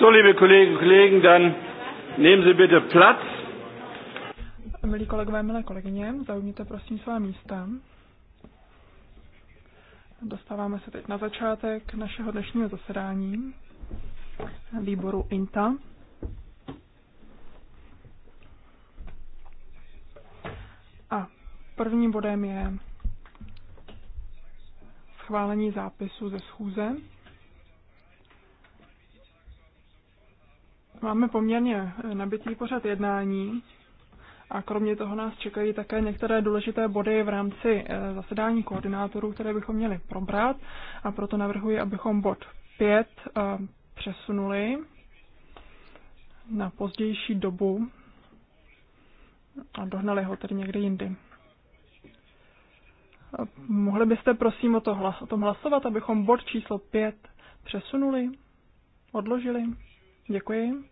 So, liebe Kolleginnen und Kollegen, dann nehmen Sie bitte Platz. Milí kolegové, milé kolegyně, zaujměte prosím svá místa. Dostáváme se teď na začátek našeho dnešního zasedání výboru INTA. A prvním bodem je schválení zápisu ze schůze Máme poměrně nabitý pořad jednání a kromě toho nás čekají také některé důležité body v rámci eh, zasedání koordinátorů, které bychom měli probrat a proto navrhuji, abychom bod 5 eh, přesunuli na pozdější dobu a dohnali ho tedy někdy jindy. Eh, mohli byste prosím o, to hlas, o tom hlasovat, abychom bod číslo 5 přesunuli, odložili? Děkuji.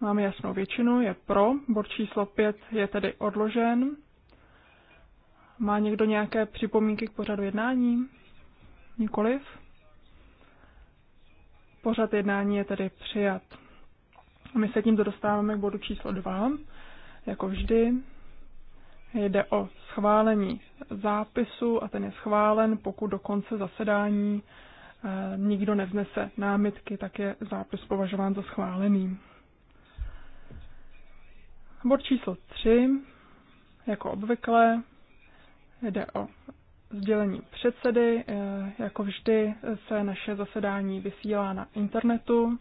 Máme jasnou většinu, je pro. Bod číslo 5 je tedy odložen. Má někdo nějaké připomínky k pořadu jednání? Nikoliv. Pořad jednání je tedy přijat. My se tímto dostáváme k bodu číslo 2. Jako vždy jde o schválení zápisu a ten je schválen, pokud do konce zasedání nikdo nevznese námitky, tak je zápis považován za schválený. Bod číslo 3, jako obvykle, jde o sdělení předsedy. E, jako vždy se naše zasedání vysílá na internetu.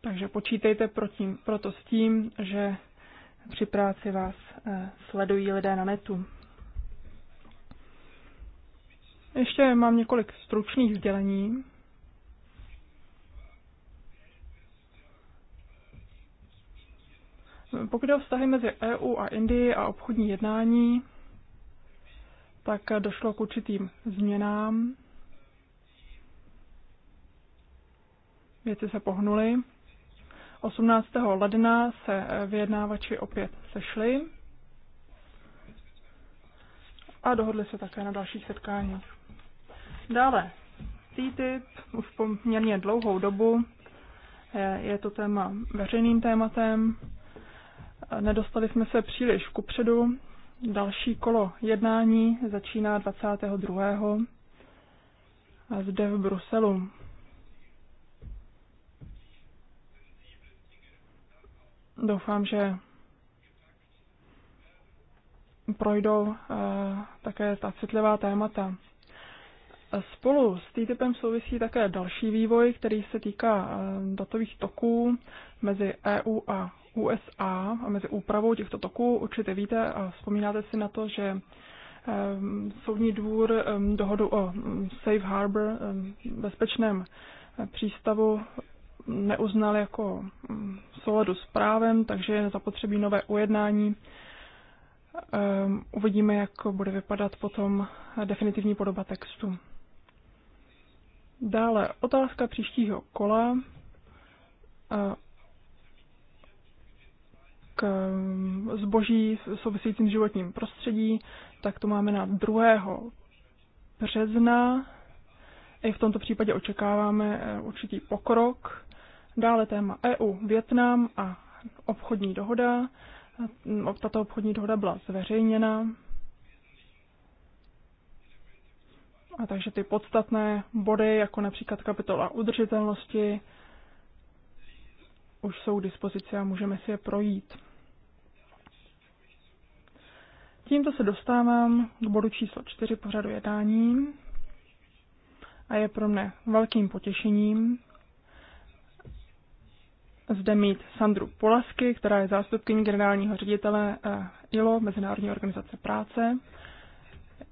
Takže počítejte proto s tím, že při práci vás e, sledují lidé na netu. Ještě mám několik stručných sdělení. Pokud o vztahy mezi EU a Indii a obchodní jednání, tak došlo k určitým změnám. Věci se pohnuly. 18. ledna se vyjednávači opět sešli a dohodli se také na dalších setkáních. Dále, TTIP už poměrně dlouhou dobu je to téma veřejným tématem. Nedostali jsme se příliš kupředu. Další kolo jednání začíná 22. zde v Bruselu. Doufám, že projdou eh, také ta citlivá témata. Spolu s TTIPem souvisí také další vývoj, který se týká eh, datových toků mezi EU a USA a mezi úpravou těchto toků. Určitě víte a vzpomínáte si na to, že eh, Soudní dvůr eh, dohodu o mm, Safe Harbor, bezpečném přístavu, neuznal jako mm, souladu s právem, takže je zapotřebí nové ujednání. Ehm, uvidíme, jak bude vypadat potom definitivní podoba textu. Dále otázka příštího kola k eh, zboží souvisejícím životním prostředí, tak to máme na 2. března. I v tomto případě očekáváme eh, určitý pokrok. Dále téma EU, Větnam a obchodní dohoda. Tato obchodní dohoda byla zveřejněna A takže ty podstatné body, jako například kapitola udržitelnosti, už jsou k dispozici a můžeme si je projít. Tímto se dostávám k bodu číslo 4 pořadu jednání a je pro mne velkým potěšením zde mít Sandru Polasky, která je zástupkyní generálního ředitele eh, ILO, Mezinárodní organizace práce,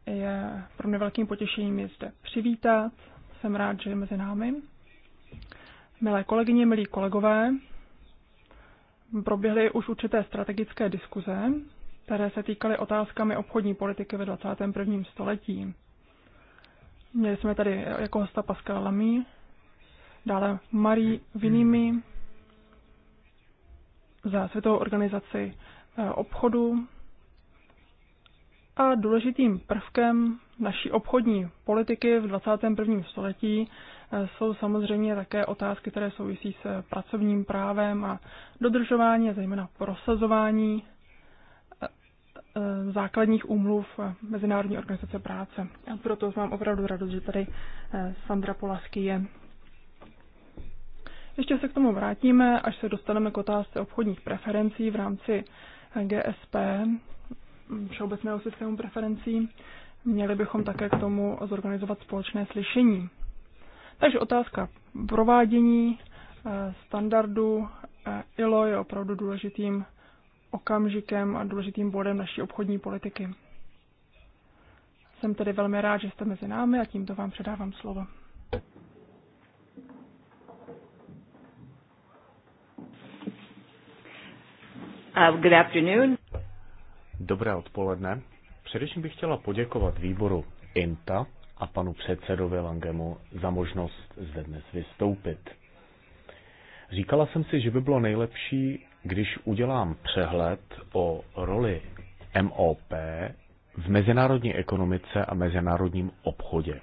je pro mě velkým potěšením je zde přivítat. Jsem rád, že je mezi námi. Milé kolegyně, milí kolegové, proběhly už určité strategické diskuze, které se týkaly otázkami obchodní politiky ve 21. století. Měli jsme tady jako hosta Pascal Lamy, dále Marie Vinimi za Světovou organizaci eh, obchodu a důležitým prvkem naší obchodní politiky v 21. století eh, jsou samozřejmě také otázky, které souvisí s pracovním právem a dodržování, a zejména prosazování eh, eh, základních úmluv Mezinárodní organizace práce. A proto mám opravdu radost, že tady Sandra Polasky je. Ještě se k tomu vrátíme, až se dostaneme k otázce obchodních preferencí v rámci GSP, všeobecného systému preferencí, měli bychom také k tomu zorganizovat společné slyšení. Takže otázka provádění eh, standardu eh, ILO je opravdu důležitým okamžikem a důležitým bodem naší obchodní politiky. Jsem tedy velmi rád, že jste mezi námi a tímto vám předávám slovo. Uh, good afternoon. Dobré odpoledne. Především bych chtěla poděkovat výboru INTA a panu předsedovi Langemu za možnost zde dnes vystoupit. Říkala jsem si, že by bylo nejlepší, když udělám přehled o roli MOP v mezinárodní ekonomice a mezinárodním obchodě.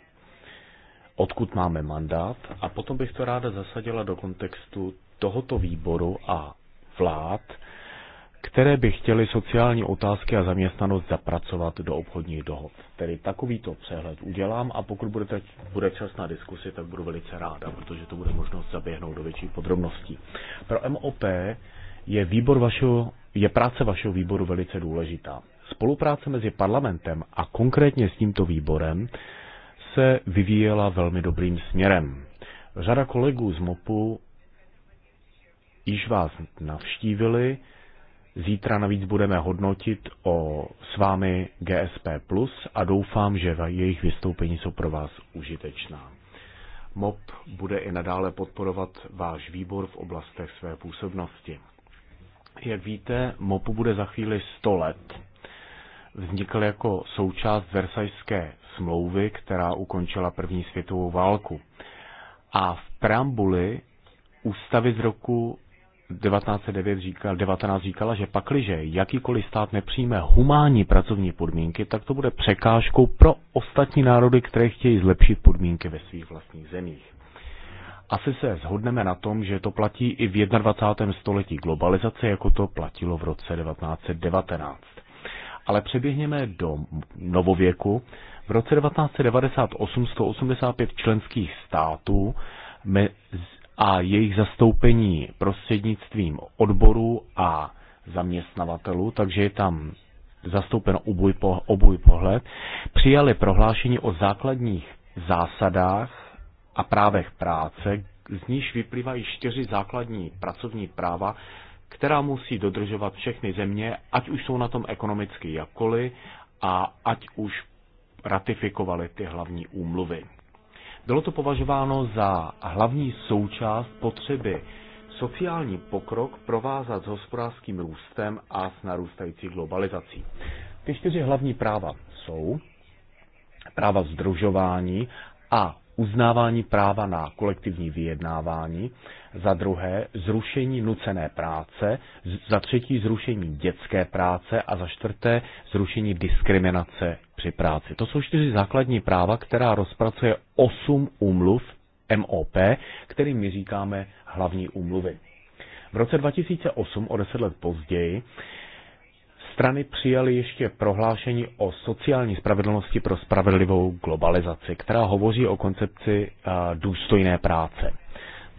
Odkud máme mandát a potom bych to ráda zasadila do kontextu tohoto výboru a vlád, které by chtěly sociální otázky a zaměstnanost zapracovat do obchodních dohod. Tedy takovýto přehled udělám a pokud budete, bude čas na diskusi, tak budu velice ráda, protože to bude možnost zaběhnout do větších podrobností. Pro MOP je, výbor vašeho, je práce vašeho výboru velice důležitá. Spolupráce mezi parlamentem a konkrétně s tímto výborem se vyvíjela velmi dobrým směrem. Řada kolegů z MOPu již vás navštívili, Zítra navíc budeme hodnotit o s vámi GSP+, a doufám, že jejich vystoupení jsou pro vás užitečná. MOP bude i nadále podporovat váš výbor v oblastech své působnosti. Jak víte, MOPu bude za chvíli 100 let. Vznikl jako součást Versajské smlouvy, která ukončila první světovou válku. A v preambuli ústavy z roku 1909 říkal, 19 říkala, že pakliže jakýkoliv stát nepřijme humánní pracovní podmínky, tak to bude překážkou pro ostatní národy, které chtějí zlepšit podmínky ve svých vlastních zemích. Asi se shodneme na tom, že to platí i v 21. století globalizace, jako to platilo v roce 1919. Ale přeběhněme do novověku. V roce 1998 185 členských států a jejich zastoupení prostřednictvím odborů a zaměstnavatelů, takže je tam zastoupeno oboj, po, oboj pohled, přijali prohlášení o základních zásadách a právech práce, z níž vyplývají čtyři základní pracovní práva, která musí dodržovat všechny země, ať už jsou na tom ekonomicky jakkoliv a ať už ratifikovali ty hlavní úmluvy. Bylo to považováno za hlavní součást potřeby sociální pokrok provázat s hospodářským růstem a s narůstající globalizací. Ty čtyři hlavní práva jsou práva združování a uznávání práva na kolektivní vyjednávání, za druhé zrušení nucené práce, za třetí zrušení dětské práce a za čtvrté zrušení diskriminace při práci. To jsou čtyři základní práva, která rozpracuje osm úmluv MOP, kterým my říkáme hlavní úmluvy. V roce 2008, o deset let později, strany přijaly ještě prohlášení o sociální spravedlnosti pro spravedlivou globalizaci, která hovoří o koncepci důstojné práce.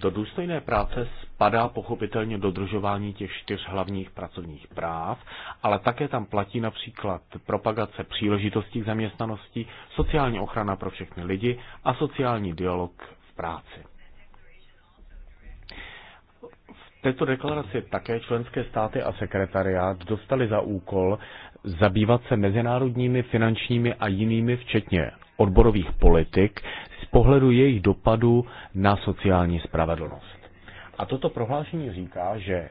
Do důstojné práce spadá pochopitelně dodržování těch čtyř hlavních pracovních práv, ale také tam platí například propagace příležitostí k zaměstnanosti, sociální ochrana pro všechny lidi a sociální dialog v práci. V této deklaraci také členské státy a sekretariát dostali za úkol zabývat se mezinárodními finančními a jinými, včetně odborových politik z pohledu jejich dopadu na sociální spravedlnost. A toto prohlášení říká, že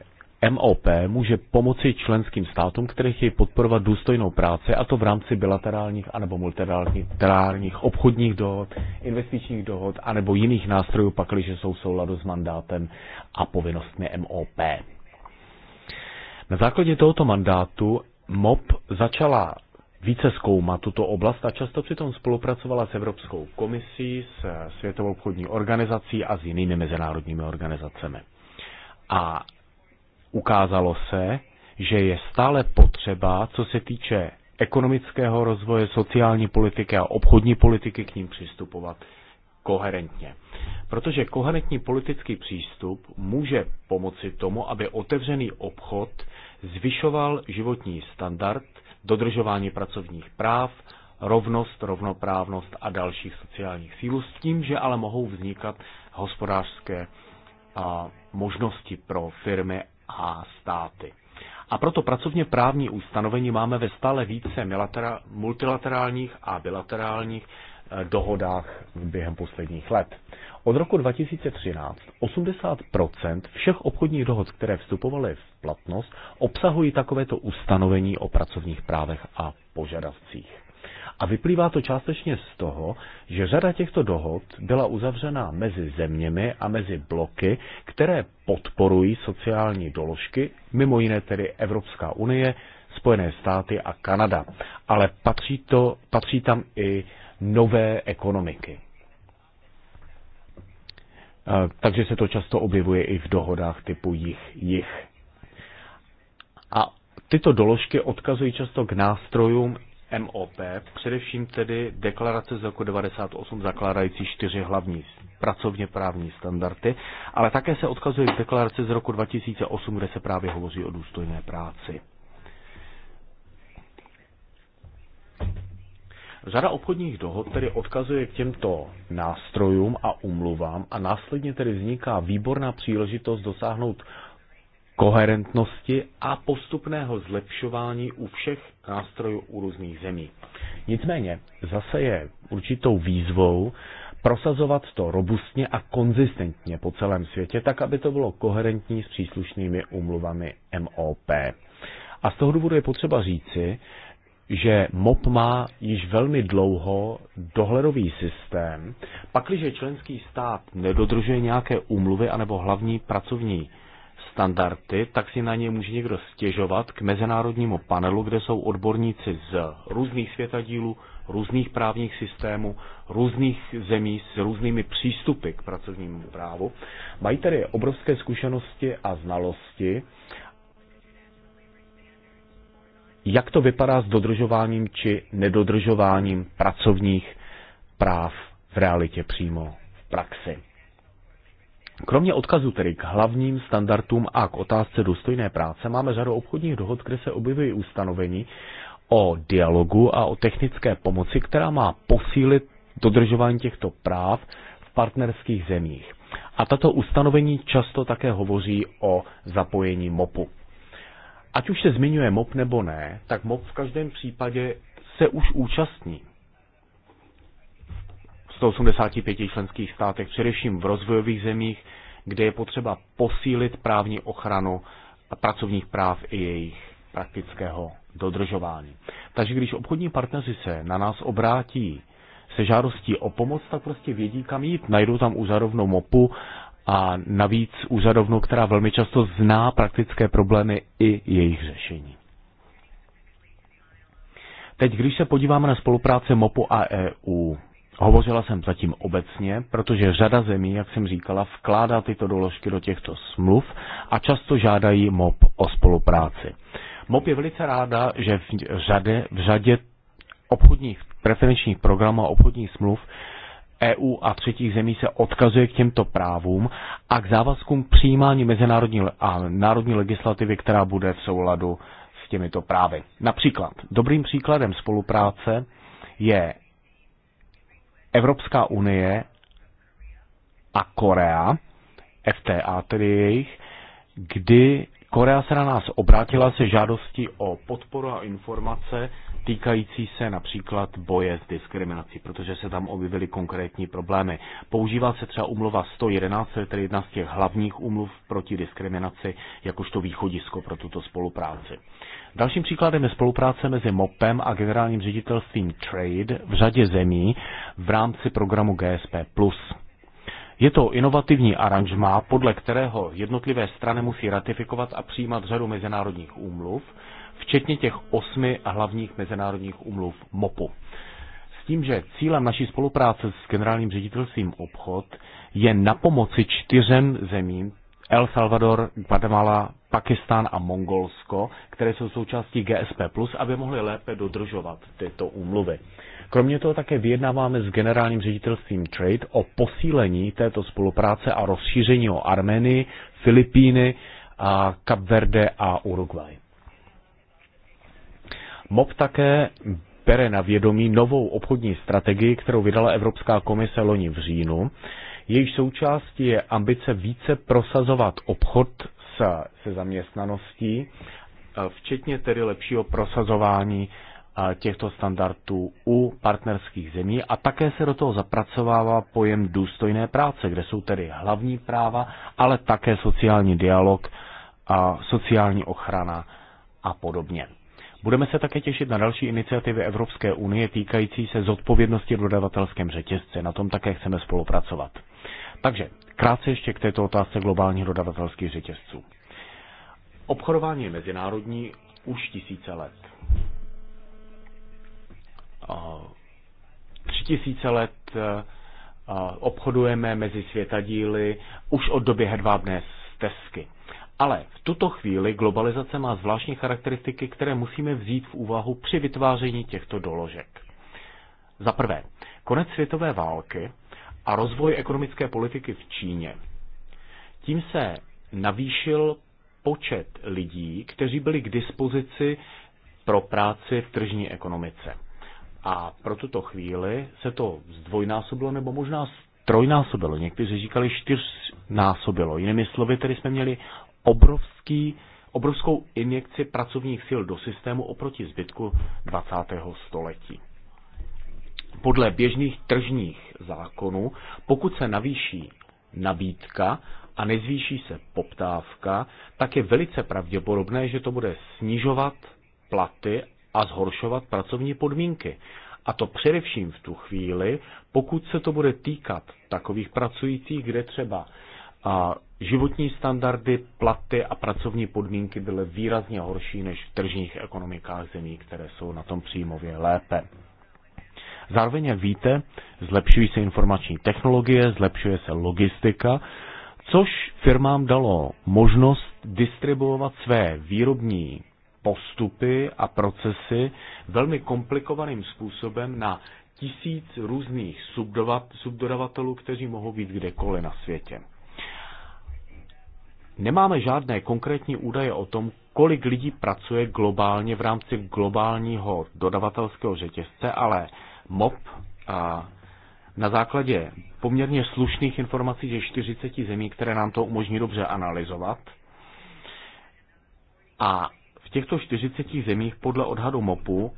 MOP může pomoci členským státům, které chtějí podporovat důstojnou práci, a to v rámci bilaterálních anebo multilaterálních obchodních dohod, investičních dohod anebo jiných nástrojů, pakliže jsou v souladu s mandátem a povinnostmi MOP. Na základě tohoto mandátu MOP začala více zkoumat tuto oblast a často přitom spolupracovala s Evropskou komisí, s Světovou obchodní organizací a s jinými mezinárodními organizacemi. A ukázalo se, že je stále potřeba, co se týče ekonomického rozvoje, sociální politiky a obchodní politiky k ním přistupovat koherentně. Protože koherentní politický přístup může pomoci tomu, aby otevřený obchod zvyšoval životní standard dodržování pracovních práv, rovnost, rovnoprávnost a dalších sociálních sílů, s tím, že ale mohou vznikat hospodářské a, možnosti pro firmy a státy. A proto pracovně právní ustanovení máme ve stále více multilaterálních a bilaterálních e, dohodách během posledních let. Od roku 2013 80% všech obchodních dohod, které vstupovaly v platnost, obsahují takovéto ustanovení o pracovních právech a požadavcích. A vyplývá to částečně z toho, že řada těchto dohod byla uzavřena mezi zeměmi a mezi bloky, které podporují sociální doložky, mimo jiné tedy Evropská unie, Spojené státy a Kanada. Ale patří, to, patří tam i nové ekonomiky takže se to často objevuje i v dohodách typu jich, jich. A tyto doložky odkazují často k nástrojům MOP, především tedy deklarace z roku 98 zakládající čtyři hlavní pracovně právní standardy, ale také se odkazuje k deklaraci z roku 2008, kde se právě hovoří o důstojné práci. Řada obchodních dohod tedy odkazuje k těmto nástrojům a umluvám a následně tedy vzniká výborná příležitost dosáhnout koherentnosti a postupného zlepšování u všech nástrojů u různých zemí. Nicméně zase je určitou výzvou prosazovat to robustně a konzistentně po celém světě, tak aby to bylo koherentní s příslušnými umluvami MOP. A z toho důvodu je potřeba říci, že MOP má již velmi dlouho dohledový systém. Pakliže členský stát nedodržuje nějaké úmluvy anebo hlavní pracovní standardy, tak si na ně může někdo stěžovat k mezinárodnímu panelu, kde jsou odborníci z různých světadílů, různých právních systémů, různých zemí s různými přístupy k pracovnímu právu. Mají tedy obrovské zkušenosti a znalosti, jak to vypadá s dodržováním či nedodržováním pracovních práv v realitě přímo v praxi. Kromě odkazu tedy k hlavním standardům a k otázce důstojné práce máme řadu obchodních dohod, kde se objevují ustanovení o dialogu a o technické pomoci, která má posílit dodržování těchto práv v partnerských zemích. A tato ustanovení často také hovoří o zapojení MOPu ať už se zmiňuje MOP nebo ne, tak MOP v každém případě se už účastní. V 185 členských státech, především v rozvojových zemích, kde je potřeba posílit právní ochranu a pracovních práv i jejich praktického dodržování. Takže když obchodní partneři se na nás obrátí se žádostí o pomoc, tak prostě vědí, kam jít. Najdou tam už zarovnou mopu a navíc úřadovnu, která velmi často zná praktické problémy i jejich řešení. Teď, když se podíváme na spolupráci MOPu a EU, hovořila jsem zatím obecně, protože řada zemí, jak jsem říkala, vkládá tyto doložky do těchto smluv a často žádají MOP o spolupráci. MOP je velice ráda, že v řadě, v řadě obchodních preferenčních programů a obchodních smluv EU a třetích zemí se odkazuje k těmto právům a k závazkům přijímání mezinárodní a národní legislativy, která bude v souladu s těmito právy. Například, dobrým příkladem spolupráce je Evropská unie a Korea, FTA tedy jejich, kdy Korea se na nás obrátila se žádostí o podporu a informace týkající se například boje s diskriminací, protože se tam objevily konkrétní problémy. Používá se třeba umluva 111, tedy jedna z těch hlavních umluv proti diskriminaci, jakožto východisko pro tuto spolupráci. Dalším příkladem je spolupráce mezi MOPem e a generálním ředitelstvím Trade v řadě zemí v rámci programu GSP+. Je to inovativní aranžma, podle kterého jednotlivé strany musí ratifikovat a přijímat řadu mezinárodních úmluv, včetně těch osmi hlavních mezinárodních umluv MOPu. S tím, že cílem naší spolupráce s generálním ředitelstvím obchod je na pomoci čtyřem zemím, El Salvador, Guatemala, Pakistán a Mongolsko, které jsou součástí GSP+, aby mohly lépe dodržovat tyto úmluvy. Kromě toho také vyjednáváme s generálním ředitelstvím Trade o posílení této spolupráce a rozšíření o Armenii, Filipíny, a Kapverde a Uruguay. MOP také bere na vědomí novou obchodní strategii, kterou vydala Evropská komise loni v říjnu. Jejíž součástí je ambice více prosazovat obchod se, se zaměstnaností, eh, včetně tedy lepšího prosazování eh, těchto standardů u partnerských zemí a také se do toho zapracovává pojem důstojné práce, kde jsou tedy hlavní práva, ale také sociální dialog, a sociální ochrana a podobně. Budeme se také těšit na další iniciativy Evropské unie týkající se zodpovědnosti v dodavatelském řetězci. Na tom také chceme spolupracovat. Takže krátce ještě k této otázce globálních dodavatelských řetězců. Obchodování je mezinárodní už tisíce let. Tři tisíce let obchodujeme mezi světadíly už od doby hedvábné stezky. Ale v tuto chvíli globalizace má zvláštní charakteristiky, které musíme vzít v úvahu při vytváření těchto doložek. Za prvé, konec světové války a rozvoj ekonomické politiky v Číně. Tím se navýšil počet lidí, kteří byli k dispozici pro práci v tržní ekonomice. A pro tuto chvíli se to zdvojnásobilo nebo možná trojnásobilo. Někteří říkali čtyřnásobilo. Jinými slovy, tedy jsme měli obrovský, obrovskou injekci pracovních sil do systému oproti zbytku 20. století. Podle běžných tržních zákonů, pokud se navýší nabídka a nezvýší se poptávka, tak je velice pravděpodobné, že to bude snižovat platy a zhoršovat pracovní podmínky. A to především v tu chvíli, pokud se to bude týkat takových pracujících, kde třeba a životní standardy, platy a pracovní podmínky byly výrazně horší než v tržních ekonomikách zemí, které jsou na tom příjmově lépe. Zároveň, jak víte, zlepšují se informační technologie, zlepšuje se logistika, což firmám dalo možnost distribuovat své výrobní postupy a procesy velmi komplikovaným způsobem na tisíc různých subdodavatelů, kteří mohou být kdekoliv na světě. Nemáme žádné konkrétní údaje o tom, kolik lidí pracuje globálně v rámci globálního dodavatelského řetězce, ale MOP a na základě poměrně slušných informací ze 40 zemí, které nám to umožní dobře analyzovat. A v těchto 40 zemích podle odhadu MOPu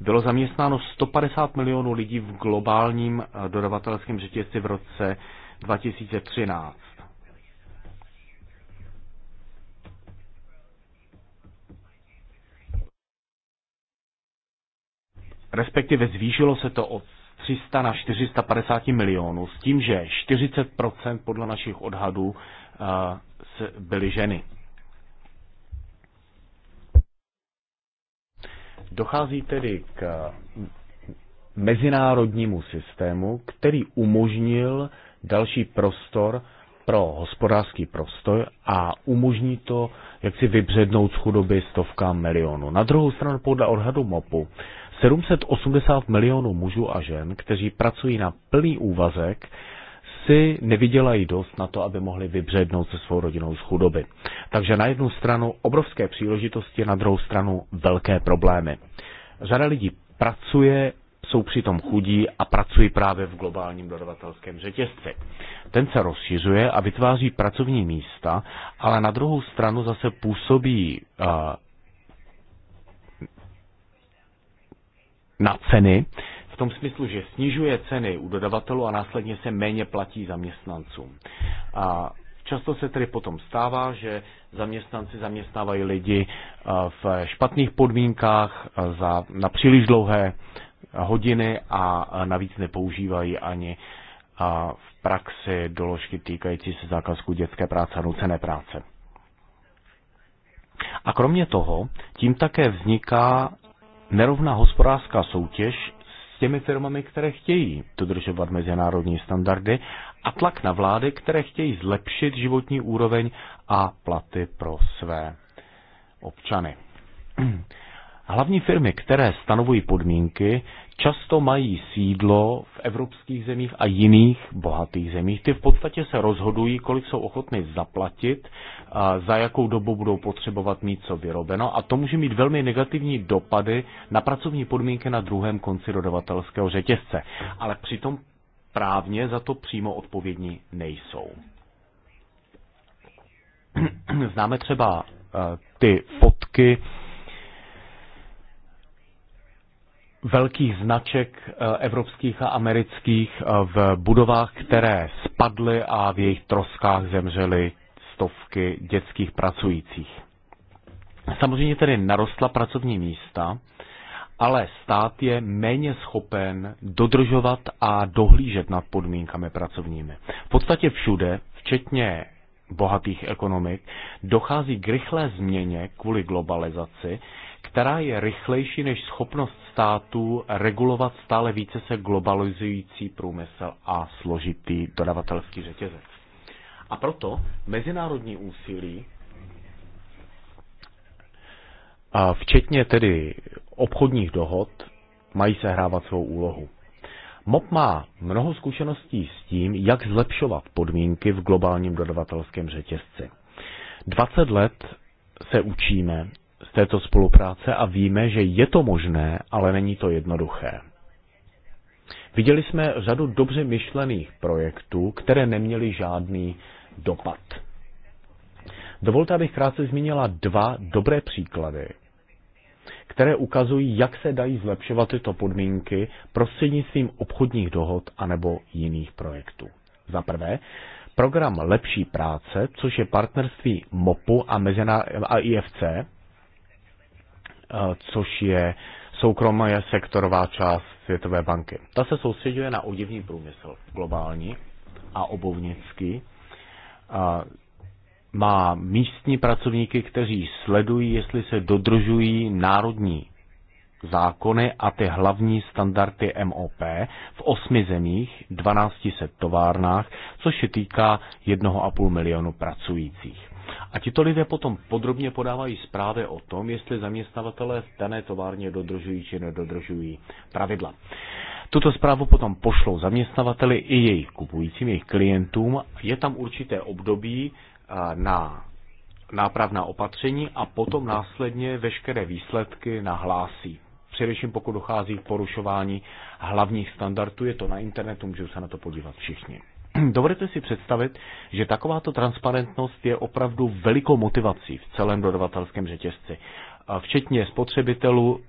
bylo zaměstnáno 150 milionů lidí v globálním dodavatelském řetězci v roce 2013. respektive zvýšilo se to od 300 na 450 milionů s tím, že 40% podle našich odhadů eh, byly ženy. Dochází tedy k eh, mezinárodnímu systému, který umožnil další prostor pro hospodářský prostor a umožní to, jak si vybřednout z chudoby stovkám milionů. Na druhou stranu podle odhadu MOPu 780 milionů mužů a žen, kteří pracují na plný úvazek, si nevydělají dost na to, aby mohli vybřednout se svou rodinou z chudoby. Takže na jednu stranu obrovské příležitosti, na druhou stranu velké problémy. Řada lidí pracuje, jsou přitom chudí a pracují právě v globálním dodavatelském řetězci. Ten se rozšiřuje a vytváří pracovní místa, ale na druhou stranu zase působí na ceny, v tom smyslu, že snižuje ceny u dodavatelů a následně se méně platí zaměstnancům. A často se tedy potom stává, že zaměstnanci zaměstnávají lidi eh, v špatných podmínkách eh, za, na příliš dlouhé eh, hodiny a navíc nepoužívají ani v praxi doložky týkající se zákazku dětské práce a nucené práce. A kromě toho, tím také vzniká nerovná hospodářská soutěž s těmi firmami, které chtějí dodržovat mezinárodní standardy a tlak na vlády, které chtějí zlepšit životní úroveň a platy pro své občany. Hlavní firmy, které stanovují podmínky, často mají sídlo v evropských zemích a jiných bohatých zemích. Ty v podstatě se rozhodují, kolik jsou ochotny zaplatit, za jakou dobu budou potřebovat mít co vyrobeno a to může mít velmi negativní dopady na pracovní podmínky na druhém konci dodavatelského řetězce. Ale přitom právně za to přímo odpovědní nejsou. Známe třeba eh, ty fotky, velkých značek eh, evropských a amerických eh, v budovách, které spadly a v jejich troskách zemřely stovky dětských pracujících. Samozřejmě tedy narostla pracovní místa, ale stát je méně schopen dodržovat a dohlížet nad podmínkami pracovními. V podstatě všude, včetně bohatých ekonomik, dochází k rychlé změně kvůli globalizaci, která je rychlejší než schopnost států regulovat stále více se globalizující průmysl a složitý dodavatelský řetězec. A proto mezinárodní úsilí, a včetně tedy obchodních dohod, mají sehrávat svou úlohu. MOP má mnoho zkušeností s tím, jak zlepšovat podmínky v globálním dodavatelském řetězci. 20 let se učíme, z této spolupráce a víme, že je to možné, ale není to jednoduché. Viděli jsme řadu dobře myšlených projektů, které neměly žádný dopad. Dovolte, abych krátce zmínila dva dobré příklady, které ukazují, jak se dají zlepšovat tyto podmínky prostřednictvím obchodních dohod anebo jiných projektů. Za prvé, program Lepší práce, což je partnerství MOPu a, a IFC, Eh, což je soukromá sektorová část Světové banky. Ta se soustředuje na oděvní průmysl globální a obovnický. Eh, má místní pracovníky, kteří sledují, jestli se dodržují národní zákony a ty hlavní standardy MOP v osmi zemích, 1200 továrnách, což se týká 1,5 milionu pracujících. A tito lidé potom podrobně podávají zprávy o tom, jestli zaměstnavatelé v dané továrně dodržují či nedodržují pravidla. Tuto zprávu potom pošlou zaměstnavateli i jejich kupujícím, jejich klientům. Je tam určité období na nápravná opatření a potom následně veškeré výsledky nahlásí. Především pokud dochází k porušování hlavních standardů, je to na internetu, můžou se na to podívat všichni. Dovedete si představit, že takováto transparentnost je opravdu velikou motivací v celém dodavatelském řetězci, včetně spotřebitelů,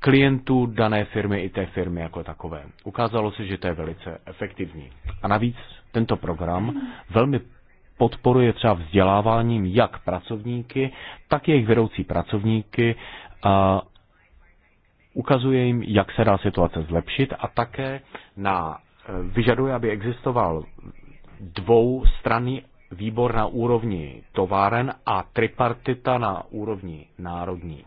klientů dané firmy i té firmy jako takové. Ukázalo se, že to je velice efektivní. A navíc tento program velmi podporuje třeba vzděláváním jak pracovníky, tak jejich vedoucí pracovníky, a ukazuje jim, jak se dá situace zlepšit a také na vyžaduje, aby existoval dvoustranný výbor na úrovni továren a tripartita na úrovni národní.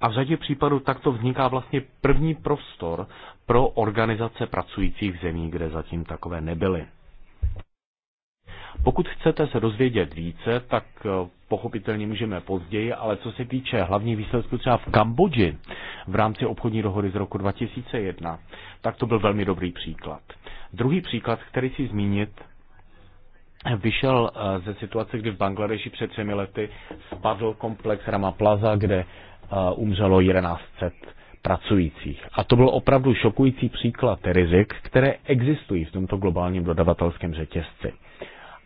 A v řadě případů takto vzniká vlastně první prostor pro organizace pracujících v zemí, kde zatím takové nebyly. Pokud chcete se dozvědět více, tak eh, pochopitelně můžeme později, ale co se týče hlavní výsledku třeba v Kambodži v rámci obchodní dohody z roku 2001, tak to byl velmi dobrý příklad. Druhý příklad, který si zmínit, vyšel eh, ze situace, kdy v Bangladeši před třemi lety spadl komplex Rama Plaza, kde eh, umřelo 1100 pracujících. A to byl opravdu šokující příklad rizik, které existují v tomto globálním dodavatelském řetězci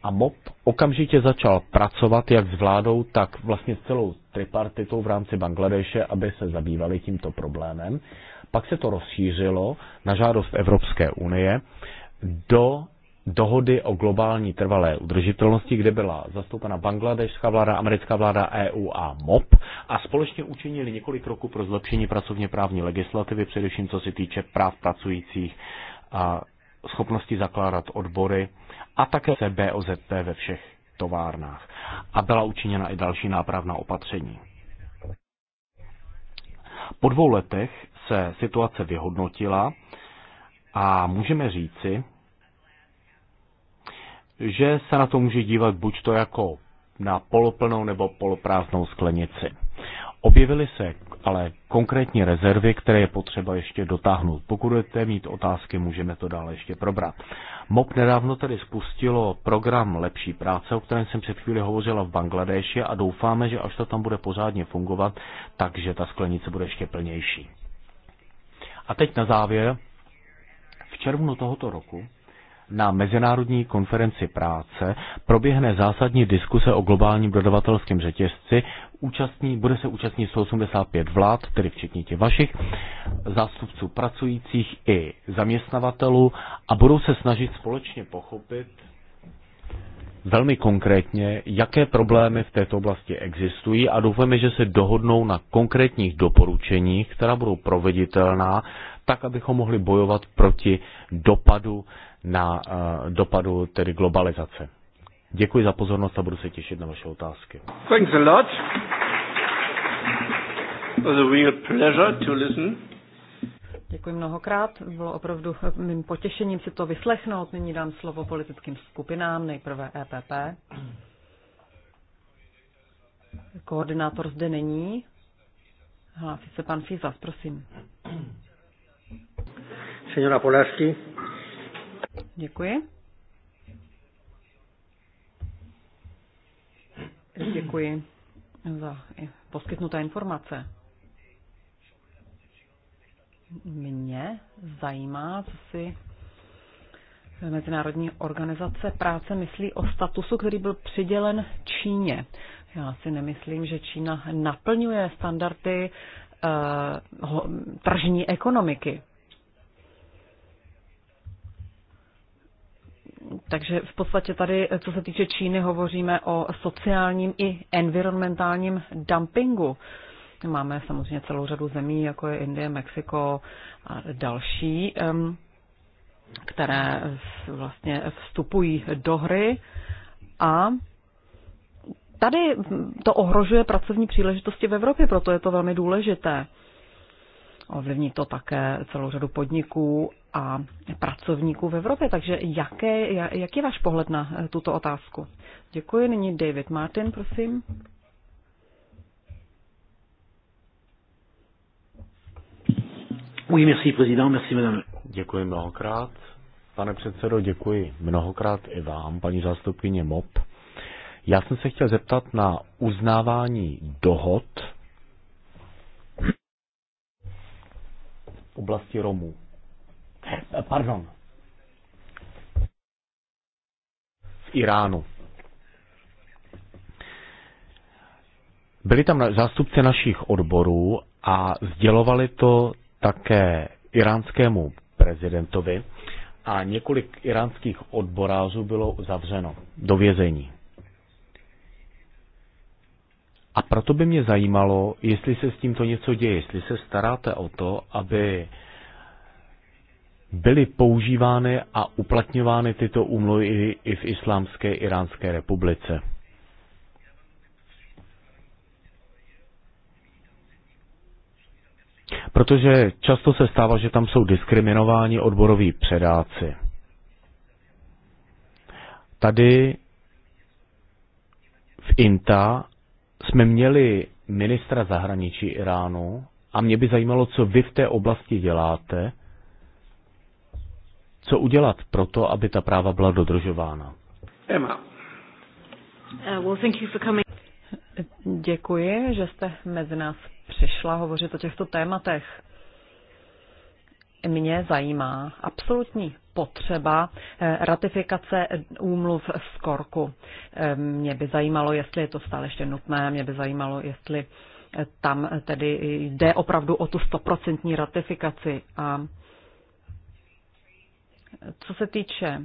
a MOP okamžitě začal pracovat jak s vládou, tak vlastně s celou tripartitou v rámci Bangladeše, aby se zabývali tímto problémem. Pak se to rozšířilo na žádost Evropské unie do dohody o globální trvalé udržitelnosti, kde byla zastoupena bangladešská vláda, americká vláda, EU a MOP a společně učinili několik kroků pro zlepšení pracovně právní legislativy, především co se týče práv pracujících a schopnosti zakládat odbory a také se BOZP ve všech továrnách. A byla učiněna i další nápravná opatření. Po dvou letech se situace vyhodnotila a můžeme říci, že se na to může dívat buď to jako na poloplnou nebo poloprázdnou sklenici. Objevily se ale konkrétní rezervy, které je potřeba ještě dotáhnout. Pokud budete mít otázky, můžeme to dále ještě probrat. MOP nedávno tedy spustilo program Lepší práce, o kterém jsem před chvíli hovořila v Bangladeši a doufáme, že až to tam bude pořádně fungovat, takže ta sklenice bude ještě plnější. A teď na závěr. V červnu tohoto roku na Mezinárodní konferenci práce proběhne zásadní diskuse o globálním dodavatelském řetězci. Účastní, bude se účastnit 185 vlád, tedy včetně těch vašich, zástupců pracujících i zaměstnavatelů a budou se snažit společně pochopit velmi konkrétně, jaké problémy v této oblasti existují a doufáme, že se dohodnou na konkrétních doporučeních, která budou proveditelná, tak abychom mohli bojovat proti dopadu na eh, dopadu tedy globalizace. Děkuji za pozornost a budu se těšit na vaše otázky. Thanks a lot. It was a real pleasure to listen. Děkuji mnohokrát. Bylo opravdu eh, mým potěšením si to vyslechnout. Nyní dám slovo politickým skupinám, nejprve EPP. Koordinátor zde není. Hlásí se pan Fizas, prosím. Senora Polarsky. Děkuji. Děkuji za poskytnuté informace. Mě zajímá, co si Mezinárodní organizace práce myslí o statusu, který byl přidělen Číně. Já si nemyslím, že Čína naplňuje standardy uh, tržní ekonomiky. takže v podstatě tady, co se týče Číny, hovoříme o sociálním i environmentálním dumpingu. Máme samozřejmě celou řadu zemí, jako je Indie, Mexiko a další, které vlastně vstupují do hry a tady to ohrožuje pracovní příležitosti v Evropě, proto je to velmi důležité. Ovlivní to také celou řadu podniků a pracovníků v Evropě. Takže jaké, jak je váš pohled na eh, tuto otázku? Děkuji. Nyní David Martin, prosím. Oui, merci, président, merci, madame. Děkuji mnohokrát. Pane předsedo, děkuji mnohokrát i vám, paní zástupkyně MOP. Já jsem se chtěl zeptat na uznávání dohod oblasti Romů. Eh, pardon. V Iránu. Byli tam zástupci našich odborů a sdělovali to také iránskému prezidentovi a několik iránských odborářů bylo zavřeno do vězení. A proto by mě zajímalo, jestli se s tímto něco děje, jestli se staráte o to, aby byly používány a uplatňovány tyto úmluvy i v Islámské Iránské republice. Protože často se stává, že tam jsou diskriminováni odboroví předáci. Tady v INTA jsme měli ministra zahraničí Iránu a mě by zajímalo, co vy v té oblasti děláte, co udělat pro to, aby ta práva byla dodržována. Emma. Uh, Děkuji, že jste mezi nás přišla hovořit o těchto tématech. Mě zajímá absolutní potřeba eh, ratifikace úmluv z Korku. Eh, mě by zajímalo, jestli je to stále ještě nutné, mě by zajímalo, jestli eh, tam tedy jde opravdu o tu stoprocentní ratifikaci. A co se týče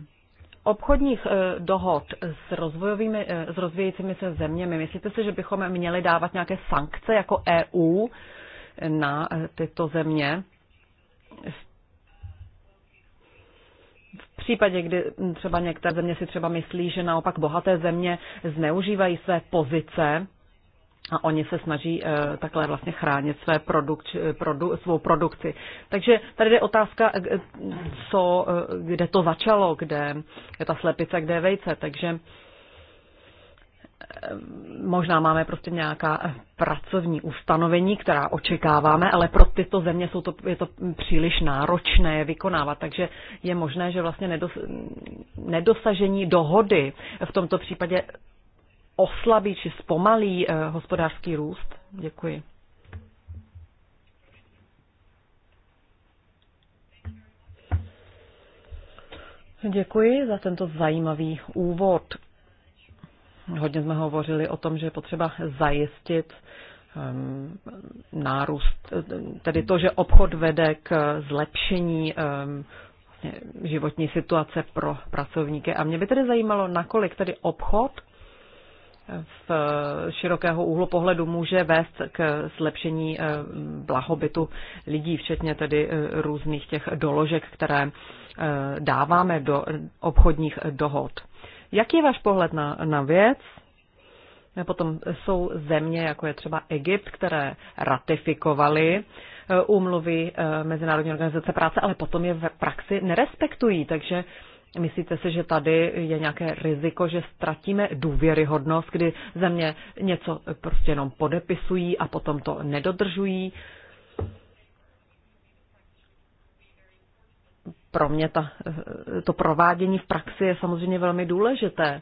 obchodních dohod s, rozvojovými, s rozvíjejícími se zeměmi, myslíte si, že bychom měli dávat nějaké sankce jako EU na tyto země? případě, kdy třeba některé země si třeba myslí, že naopak bohaté země zneužívají své pozice, a oni se snaží e, takhle vlastně chránit své produkt, produ, svou produkci. Takže tady je otázka, eh, co, eh, kde to začalo, kde je ta slepice, kde je vejce. Takže možná máme prostě nějaká pracovní ustanovení, která očekáváme, ale pro tyto země jsou to, je to příliš náročné je vykonávat, takže je možné, že vlastně nedos, nedosažení dohody v tomto případě oslabí či zpomalí eh, hospodářský růst. Děkuji. Děkuji za tento zajímavý úvod. Hodně jsme hovořili o tom, že je potřeba zajistit ehm, nárůst, tedy to, že obchod vede k zlepšení ehm, životní situace pro pracovníky. A mě by tedy zajímalo, nakolik tedy obchod eh, v eh, širokého úhlu pohledu může vést k zlepšení eh, blahobytu lidí, včetně tedy různých těch doložek, které dáváme do obchodních dohod. Jaký je váš pohled na, na věc? Potom jsou země, jako je třeba Egypt, které ratifikovaly eh, úmluvy eh, Mezinárodní organizace práce, ale potom je v praxi nerespektují. Takže myslíte si, že tady je nějaké riziko, že ztratíme důvěryhodnost, kdy země něco prostě jenom podepisují a potom to nedodržují? pro mě ta, to provádění v praxi je samozřejmě velmi důležité.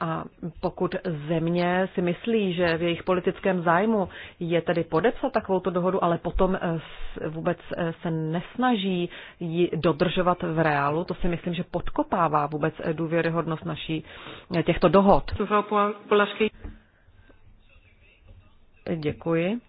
A pokud země si myslí, že v jejich politickém zájmu je tedy podepsat takovouto dohodu, ale potom eh, vůbec eh, se nesnaží ji dodržovat v reálu, to si myslím, že podkopává vůbec eh, důvěryhodnost naší těchto dohod. Děkuji.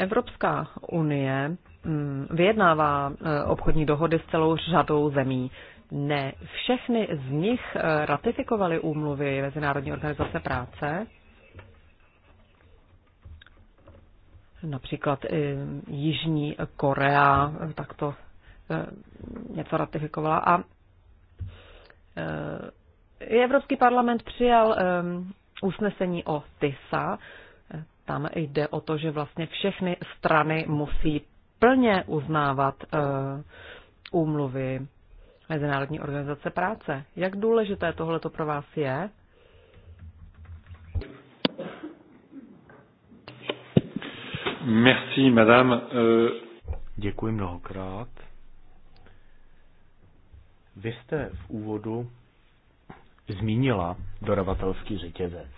Evropská unie mm, vyjednává e, obchodní dohody s celou řadou zemí. Ne všechny z nich e, ratifikovaly úmluvy Mezinárodní organizace práce. Například e, Jižní Korea takto něco ratifikovala a Evropský parlament přijal usnesení o TISA, tam jde o to, že vlastně všechny strany musí plně uznávat eh, úmluvy Mezinárodní organizace práce. Jak důležité tohle pro vás je? Merci, madame. Eh, Děkuji mnohokrát. Vy jste v úvodu zmínila dodavatelský řetězec.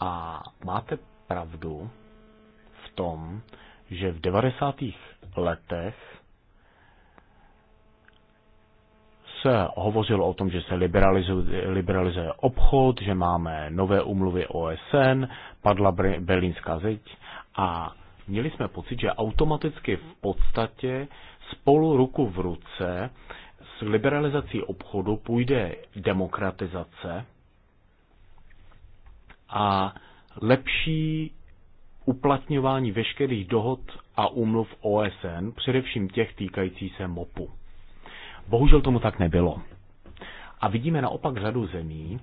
A máte pravdu v tom, že v 90. letech se hovořilo o tom, že se liberalizuje, liberalizuje obchod, že máme nové umluvy OSN, padla berlínská zeď a měli jsme pocit, že automaticky v podstatě spolu ruku v ruce s liberalizací obchodu půjde demokratizace a lepší uplatňování veškerých dohod a úmluv OSN, především těch týkající se MOPu. Bohužel tomu tak nebylo. A vidíme naopak řadu zemí,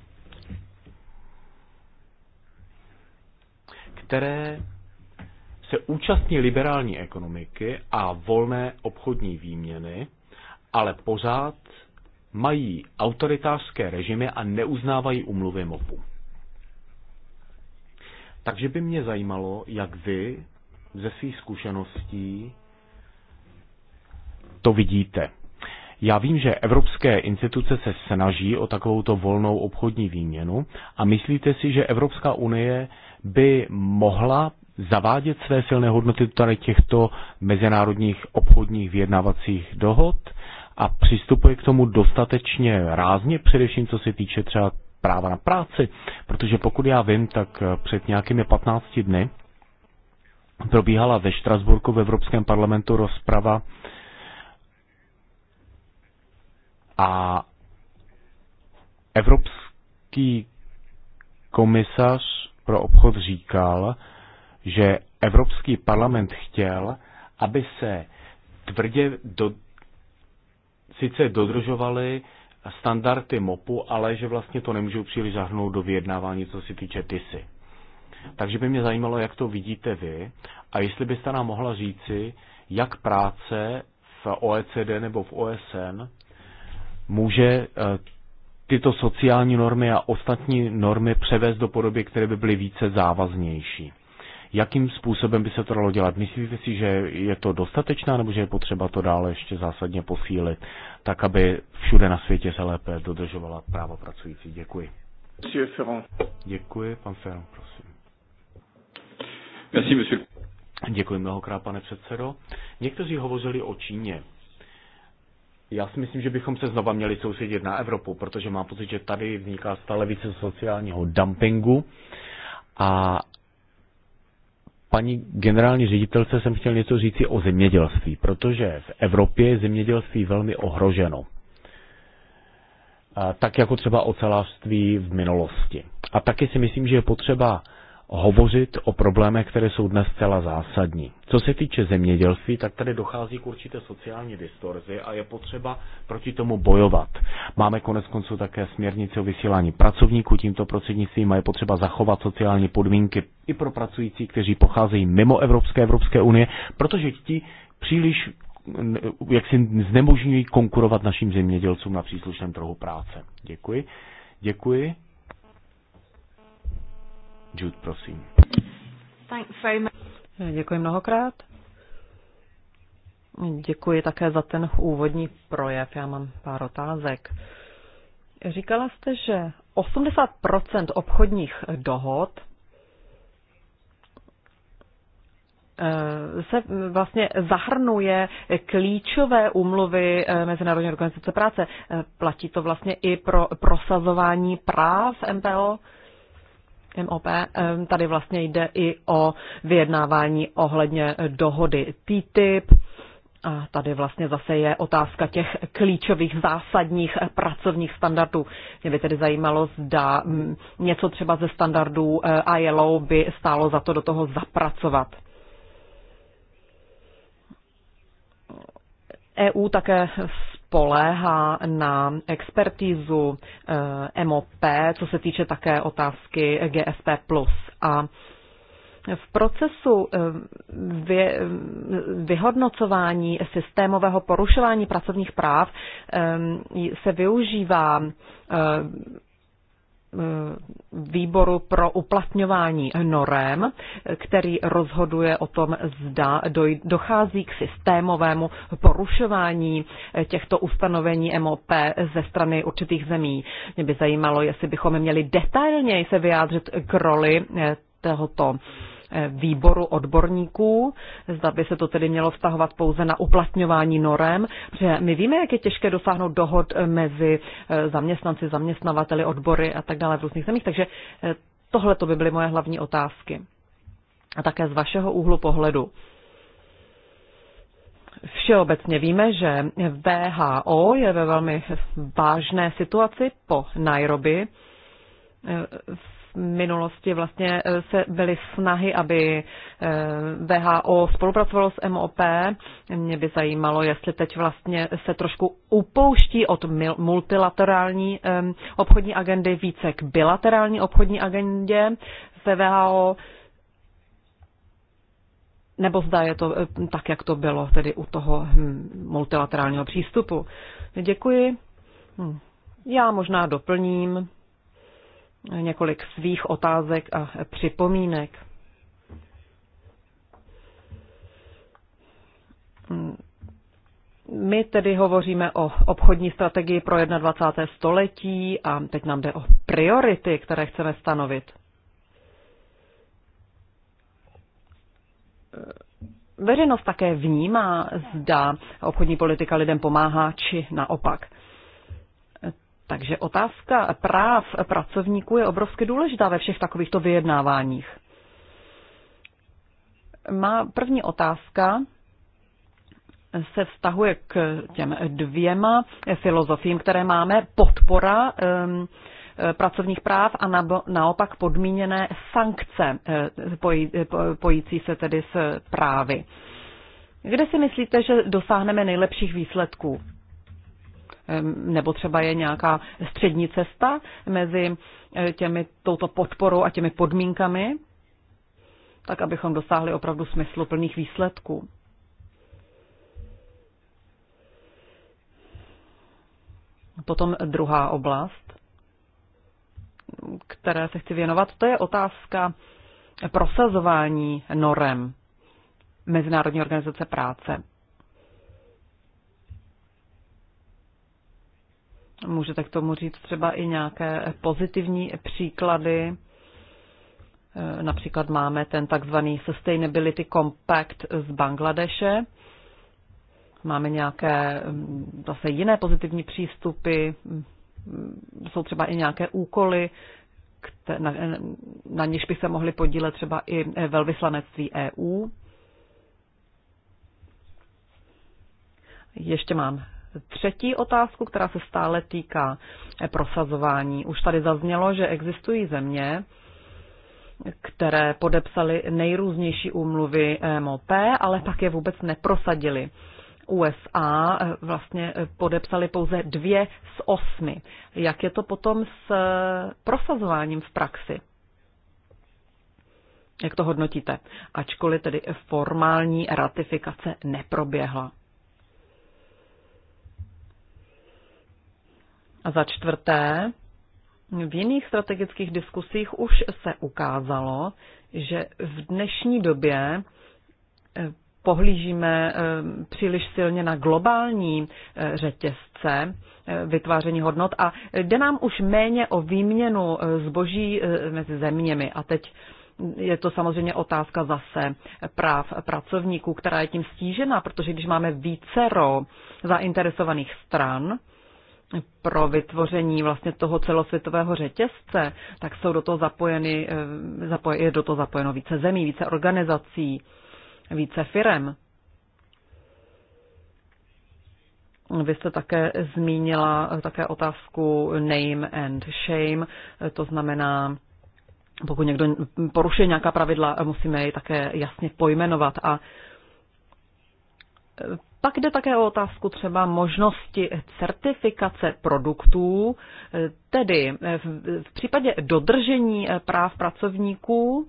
které se účastní liberální ekonomiky a volné obchodní výměny, ale pořád mají autoritářské režimy a neuznávají umluvy MOPu. Takže by mě zajímalo, jak vy ze svých zkušeností to vidíte. Já vím, že evropské instituce se snaží o takovouto volnou obchodní výměnu a myslíte si, že Evropská unie by mohla zavádět své silné hodnoty tady těchto mezinárodních obchodních vyjednávacích dohod a přistupuje k tomu dostatečně rázně, především co se týče třeba práva na práci, protože pokud já vím, tak eh, před nějakými 15 dny probíhala ve Štrasburku v Evropském parlamentu rozprava a Evropský komisař pro obchod říkal, že Evropský parlament chtěl, aby se tvrdě do, sice dodržovaly standardy MOPu, ale že vlastně to nemůžou příliš zahrnout do vyjednávání, co se týče TISy. Takže by mě zajímalo, jak to vidíte vy a jestli byste nám mohla říci, jak práce v OECD nebo v OSN může eh, tyto sociální normy a ostatní normy převést do podoby, které by byly více závaznější. Jakým způsobem by se to dalo dělat? Myslíte si, že je to dostatečná nebo že je potřeba to dále ještě zásadně posílit, tak aby všude na světě se lépe dodržovala práva pracující? Děkuji. Děkuji, pan Ferrand, prosím. Merci, monsieur. Děkuji mnohokrát, pane předsedo. Někteří hovořili o Číně. Já si myslím, že bychom se znova měli soustředit na Evropu, protože mám pocit, že tady vzniká stále více sociálního dumpingu a paní generální ředitelce jsem chtěl něco říci o zemědělství, protože v Evropě je zemědělství velmi ohroženo. A tak jako třeba ocelářství v minulosti. A taky si myslím, že je potřeba hovořit o problémech, které jsou dnes zcela zásadní. Co se týče zemědělství, tak tady dochází k určité sociální distorzi a je potřeba proti tomu bojovat. Máme konec konců také směrnici o vysílání pracovníků tímto prostřednictvím a je potřeba zachovat sociální podmínky i pro pracující, kteří pocházejí mimo Evropské Evropské unie, protože ti příliš jak si znemožňují konkurovat našim zemědělcům na příslušném trhu práce. Děkuji. Děkuji. Jude, prosím. Děkuji mnohokrát. Děkuji také za ten úvodní projev. Já mám pár otázek. Říkala jste, že 80% obchodních dohod eh, se vlastně zahrnuje klíčové úmluvy eh, Mezinárodní organizace práce. Eh, platí to vlastně i pro prosazování práv MPO? MOP, tady vlastně jde i o vyjednávání ohledně dohody TTIP. A tady vlastně zase je otázka těch klíčových zásadních pracovních standardů. Mě by tedy zajímalo, zda něco třeba ze standardů eh, ILO by stálo za to do toho zapracovat. EU také spoléhá na expertízu eh, MOP, co se týče také otázky GSP+. A v procesu eh, vy, vyhodnocování systémového porušování pracovních práv eh, se využívá Eh, výboru pro uplatňování norem, který rozhoduje o tom, zda dochází k systémovému porušování eh, těchto ustanovení MOP ze strany určitých zemí. Mě by zajímalo, jestli bychom měli detailněji se vyjádřit k roli eh, tohoto výboru odborníků. Zda by se to tedy mělo vztahovat pouze na uplatňování norem, protože my víme, jak je těžké dosáhnout dohod mezi eh, zaměstnanci, zaměstnavateli, odbory a tak dále v různých zemích. Takže eh, tohle to by byly moje hlavní otázky. A také z vašeho úhlu pohledu. Všeobecně víme, že VHO je ve velmi vážné situaci po Nairobi. Eh, minulosti vlastně eh, se byly snahy, aby eh, VHO spolupracovalo s MOP. Mě by zajímalo, jestli teď vlastně se trošku upouští od multilaterální obchodní agendy více k bilaterální obchodní agendě se VHO, nebo zda je to eh, tak, jak to bylo tedy u toho hm, multilaterálního přístupu. Děkuji. Hm. Já možná doplním několik svých otázek a připomínek. My tedy hovoříme o obchodní strategii pro 21. století a teď nám jde o priority, které chceme stanovit. Veřejnost také vnímá, zda obchodní politika lidem pomáhá, či naopak. Takže otázka práv pracovníků je obrovsky důležitá ve všech takovýchto vyjednáváních. Má první otázka se vztahuje k těm dvěma filozofiím, které máme. Podpora um, pracovních práv a naopak podmíněné sankce e, e, pojící se tedy s právy. Kde si myslíte, že dosáhneme nejlepších výsledků? nebo třeba je nějaká střední cesta mezi eh, těmi, touto podporou a těmi podmínkami, tak abychom dosáhli opravdu smysluplných výsledků. Potom druhá oblast, které se chci věnovat, to je otázka prosazování norem Mezinárodní organizace práce. Můžete k tomu říct třeba i nějaké pozitivní příklady. E, například máme ten takzvaný Sustainability Compact z Bangladeše. Máme nějaké mm, zase jiné pozitivní přístupy. Mm, jsou třeba i nějaké úkoly, na, něž by se mohly podílet třeba i velvyslanectví EU. Ještě mám třetí otázku, která se stále týká eh, prosazování. Už tady zaznělo, že existují země, které podepsaly nejrůznější úmluvy MOP, ale pak je vůbec neprosadili. USA eh, vlastně eh, podepsali pouze dvě z osmi. Jak je to potom s prosazováním v praxi? Jak to hodnotíte? Ačkoliv tedy formální ratifikace neproběhla. A za čtvrté, v jiných strategických diskusích už se ukázalo, že v dnešní době eh, pohlížíme eh, příliš silně na globální eh, řetězce vytváření hodnot a jde nám už méně o výměnu zboží mezi zeměmi. A teď je to samozřejmě otázka zase práv pracovníků, která je tím stížena, protože když máme vícero zainteresovaných stran, pro vytvoření vlastně toho celosvětového řetězce, tak jsou do toho zapojeny, eh, je do toho zapojeno více zemí, více organizací, více firem. Vy jste také zmínila také otázku name and shame, eh, to znamená, pokud někdo porušuje nějaká pravidla, musíme je také jasně pojmenovat a pak jde také o otázku třeba možnosti certifikace produktů, tedy v případě dodržení práv pracovníků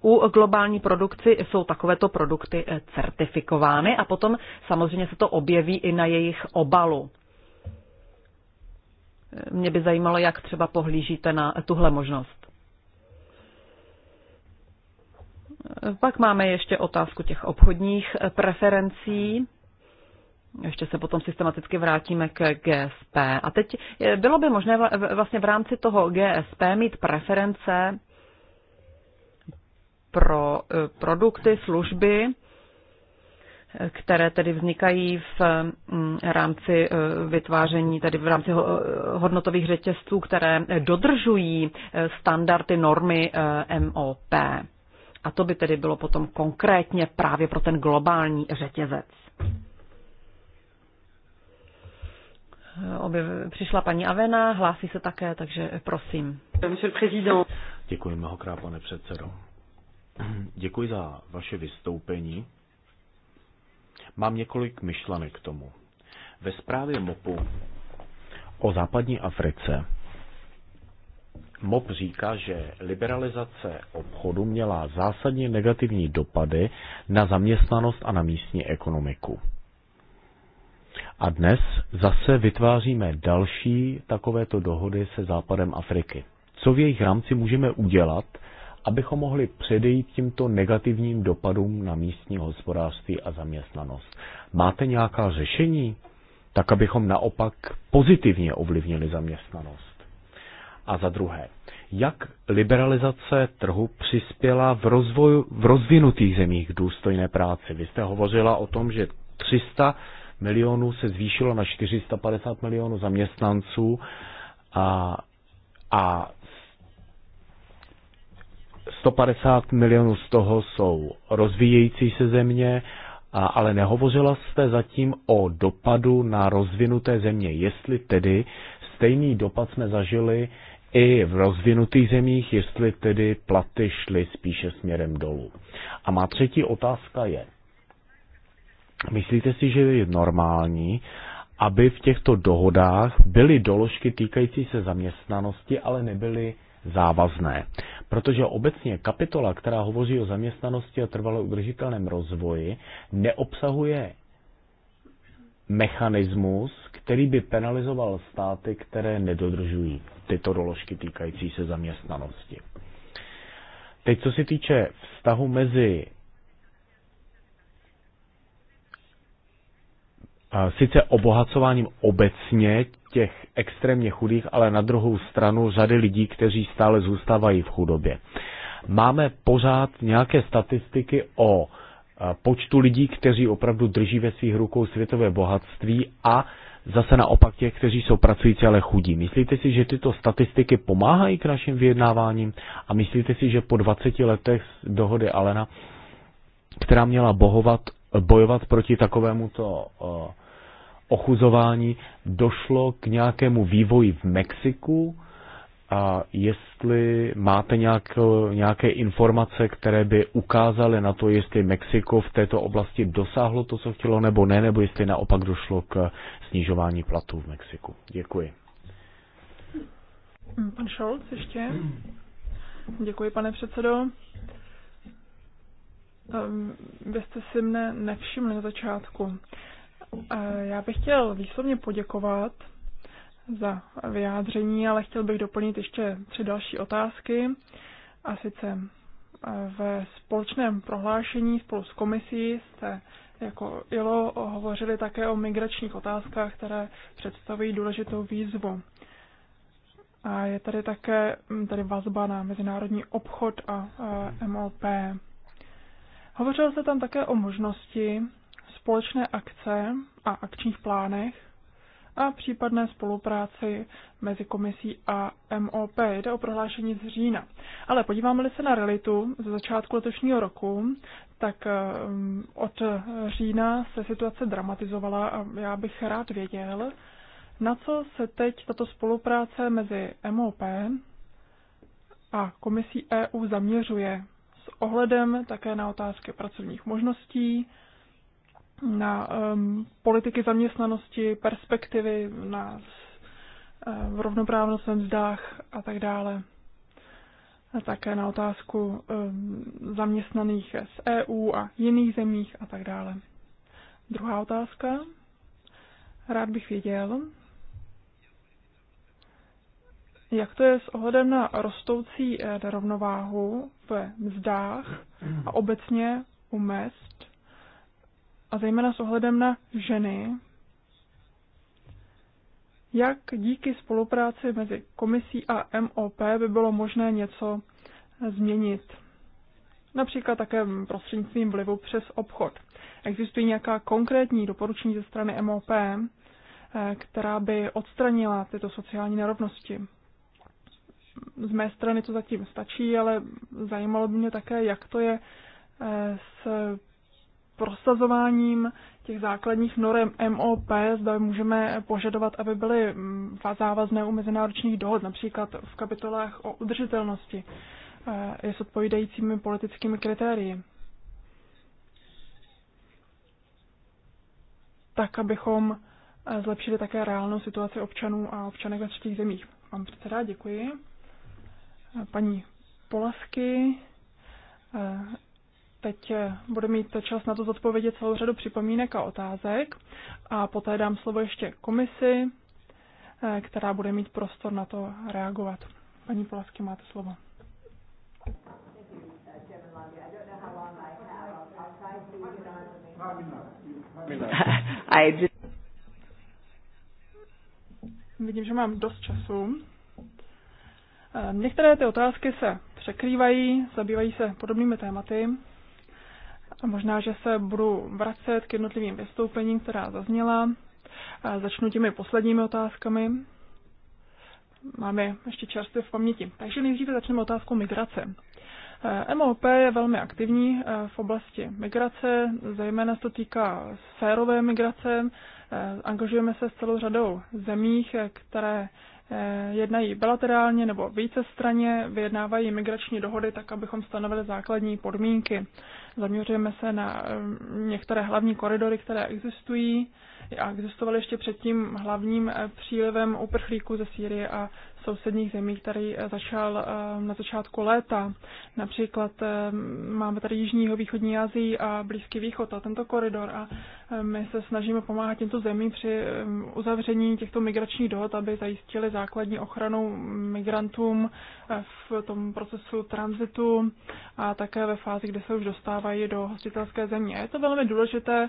u globální produkci jsou takovéto produkty certifikovány a potom samozřejmě se to objeví i na jejich obalu. Mě by zajímalo, jak třeba pohlížíte na tuhle možnost. Pak máme ještě otázku těch obchodních preferencí. Ještě se potom systematicky vrátíme k GSP. A teď eh, bylo by možné vlastně v rámci toho GSP mít preference pro eh, produkty, služby, eh, které tedy vznikají v mm, rámci vytváření, tedy v rámci hodnotových řetězců, které dodržují standardy normy MOP. A to by tedy bylo potom konkrétně právě pro ten globální řetězec. Objev, přišla paní Avena, hlásí se také, takže prosím. Děkuji mnohokrát, pane předsedo. Děkuji za vaše vystoupení. Mám několik myšlenek k tomu. Ve zprávě MOPu o západní Africe MOP říká, že liberalizace obchodu měla zásadně negativní dopady na zaměstnanost a na místní ekonomiku. A dnes zase vytváříme další takovéto dohody se západem Afriky. Co v jejich rámci můžeme udělat, abychom mohli předejít tímto negativním dopadům na místní hospodářství a zaměstnanost? Máte nějaká řešení, tak abychom naopak pozitivně ovlivnili zaměstnanost? A za druhé, jak liberalizace trhu přispěla v, rozvoju, v rozvinutých zemích k důstojné práci? Vy jste hovořila o tom, že 300 milionů se zvýšilo na 450 milionů zaměstnanců a, a 150 milionů z toho jsou rozvíjející se země, a, ale nehovořila jste zatím o dopadu na rozvinuté země, jestli tedy stejný dopad jsme zažili i v rozvinutých zemích, jestli tedy platy šly spíše směrem dolů. A má třetí otázka je, myslíte si, že je normální, aby v těchto dohodách byly doložky týkající se zaměstnanosti, ale nebyly závazné. Protože obecně kapitola, která hovoří o zaměstnanosti a trvalé udržitelném rozvoji, neobsahuje mechanismus, který by penalizoval státy, které nedodržují tyto doložky týkající se zaměstnanosti. Teď, co se týče vztahu mezi sice obohacováním obecně těch extrémně chudých, ale na druhou stranu řady lidí, kteří stále zůstávají v chudobě. Máme pořád nějaké statistiky o počtu lidí, kteří opravdu drží ve svých rukou světové bohatství a zase naopak těch, kteří jsou pracující, ale chudí. Myslíte si, že tyto statistiky pomáhají k našim vyjednáváním a myslíte si, že po 20 letech dohody Alena, která měla bohovat, bojovat proti takovému to eh, ochuzování, došlo k nějakému vývoji v Mexiku, a jestli máte nějaké, nějaké informace, které by ukázaly na to, jestli Mexiko v této oblasti dosáhlo to, co chtělo, nebo ne, nebo jestli naopak došlo k snižování platů v Mexiku. Děkuji. Pan Scholz ještě. Děkuji, pane předsedo. Ehm, vy jste si mne nevšimli na začátku. Já bych chtěl výslovně poděkovat za vyjádření, ale chtěl bych doplnit ještě tři další otázky. A sice eh, ve společném prohlášení spolu s komisí jste jako ILO hovořili také o migračních otázkách, které představují důležitou výzvu. A je tady také hm, tady vazba na mezinárodní obchod a eh, MOP. Hovořilo se tam také o možnosti společné akce a akčních plánech a případné spolupráci mezi komisí a MOP. Jde o prohlášení z října. Ale podíváme-li se na realitu ze začátku letošního roku, tak eh, od října se situace dramatizovala a já bych rád věděl, na co se teď tato spolupráce mezi MOP a Komisí EU zaměřuje s ohledem také na otázky pracovních možností, na um, politiky zaměstnanosti, perspektivy, na um, rovnoprávnost ve mzdách a tak dále. A také na otázku um, zaměstnaných z EU a jiných zemích a tak dále. Druhá otázka. Rád bych věděl, jak to je s ohledem na rostoucí eh, nerovnováhu ve mzdách a obecně u mest a zejména s ohledem na ženy, jak díky spolupráci mezi komisí a MOP by bylo možné něco změnit. Například také prostřednictvím vlivu přes obchod. Existují nějaká konkrétní doporučení ze strany MOP, eh, která by odstranila tyto sociální nerovnosti. Z mé strany to zatím stačí, ale zajímalo by mě také, jak to je eh, s prosazováním těch základních norem MOP, zda můžeme požadovat, aby byly mm, závazné u mezinárodních dohod, například v kapitolách o udržitelnosti eh, je s odpovídajícími politickými kritérii. Tak, abychom eh, zlepšili také reálnou situaci občanů a občanek ve třetích zemích. Pan předseda, děkuji. Eh, paní Polasky, Teď eh, bude mít čas na to zodpovědět celou řadu připomínek a otázek a poté dám slovo ještě komisi, eh, která bude mít prostor na to reagovat. Paní Polasky, máte slovo. Vidím, že mám dost času. Eh, některé ty otázky se překrývají, zabývají se podobnými tématy. A možná, že se budu vracet k jednotlivým vystoupením, která zazněla. A začnu těmi posledními otázkami. Máme ještě čerstvě v paměti. Takže nejdříve začneme otázkou migrace. E, MOP je velmi aktivní e, v oblasti migrace, zejména se to týká sférové migrace. E, angažujeme se s celou řadou zemích, které jednají bilaterálně nebo vícestraně, vyjednávají migrační dohody tak, abychom stanovili základní podmínky Zaměřujeme se na eh, některé hlavní koridory, které existují a existovaly ještě předtím hlavním eh, přílivem uprchlíků ze Sýrie a sousedních zemí, který eh, začal eh, na začátku léta. Například máme tady Jižního, Východní Asii a Blízký východ a tento koridor a my se snažíme pomáhat těmto zemím při uzavření těchto migračních dohod, aby zajistili základní ochranu migrantům v tom procesu tranzitu a také ve fázi, kde se už dostávají do hostitelské země. Je to velmi důležité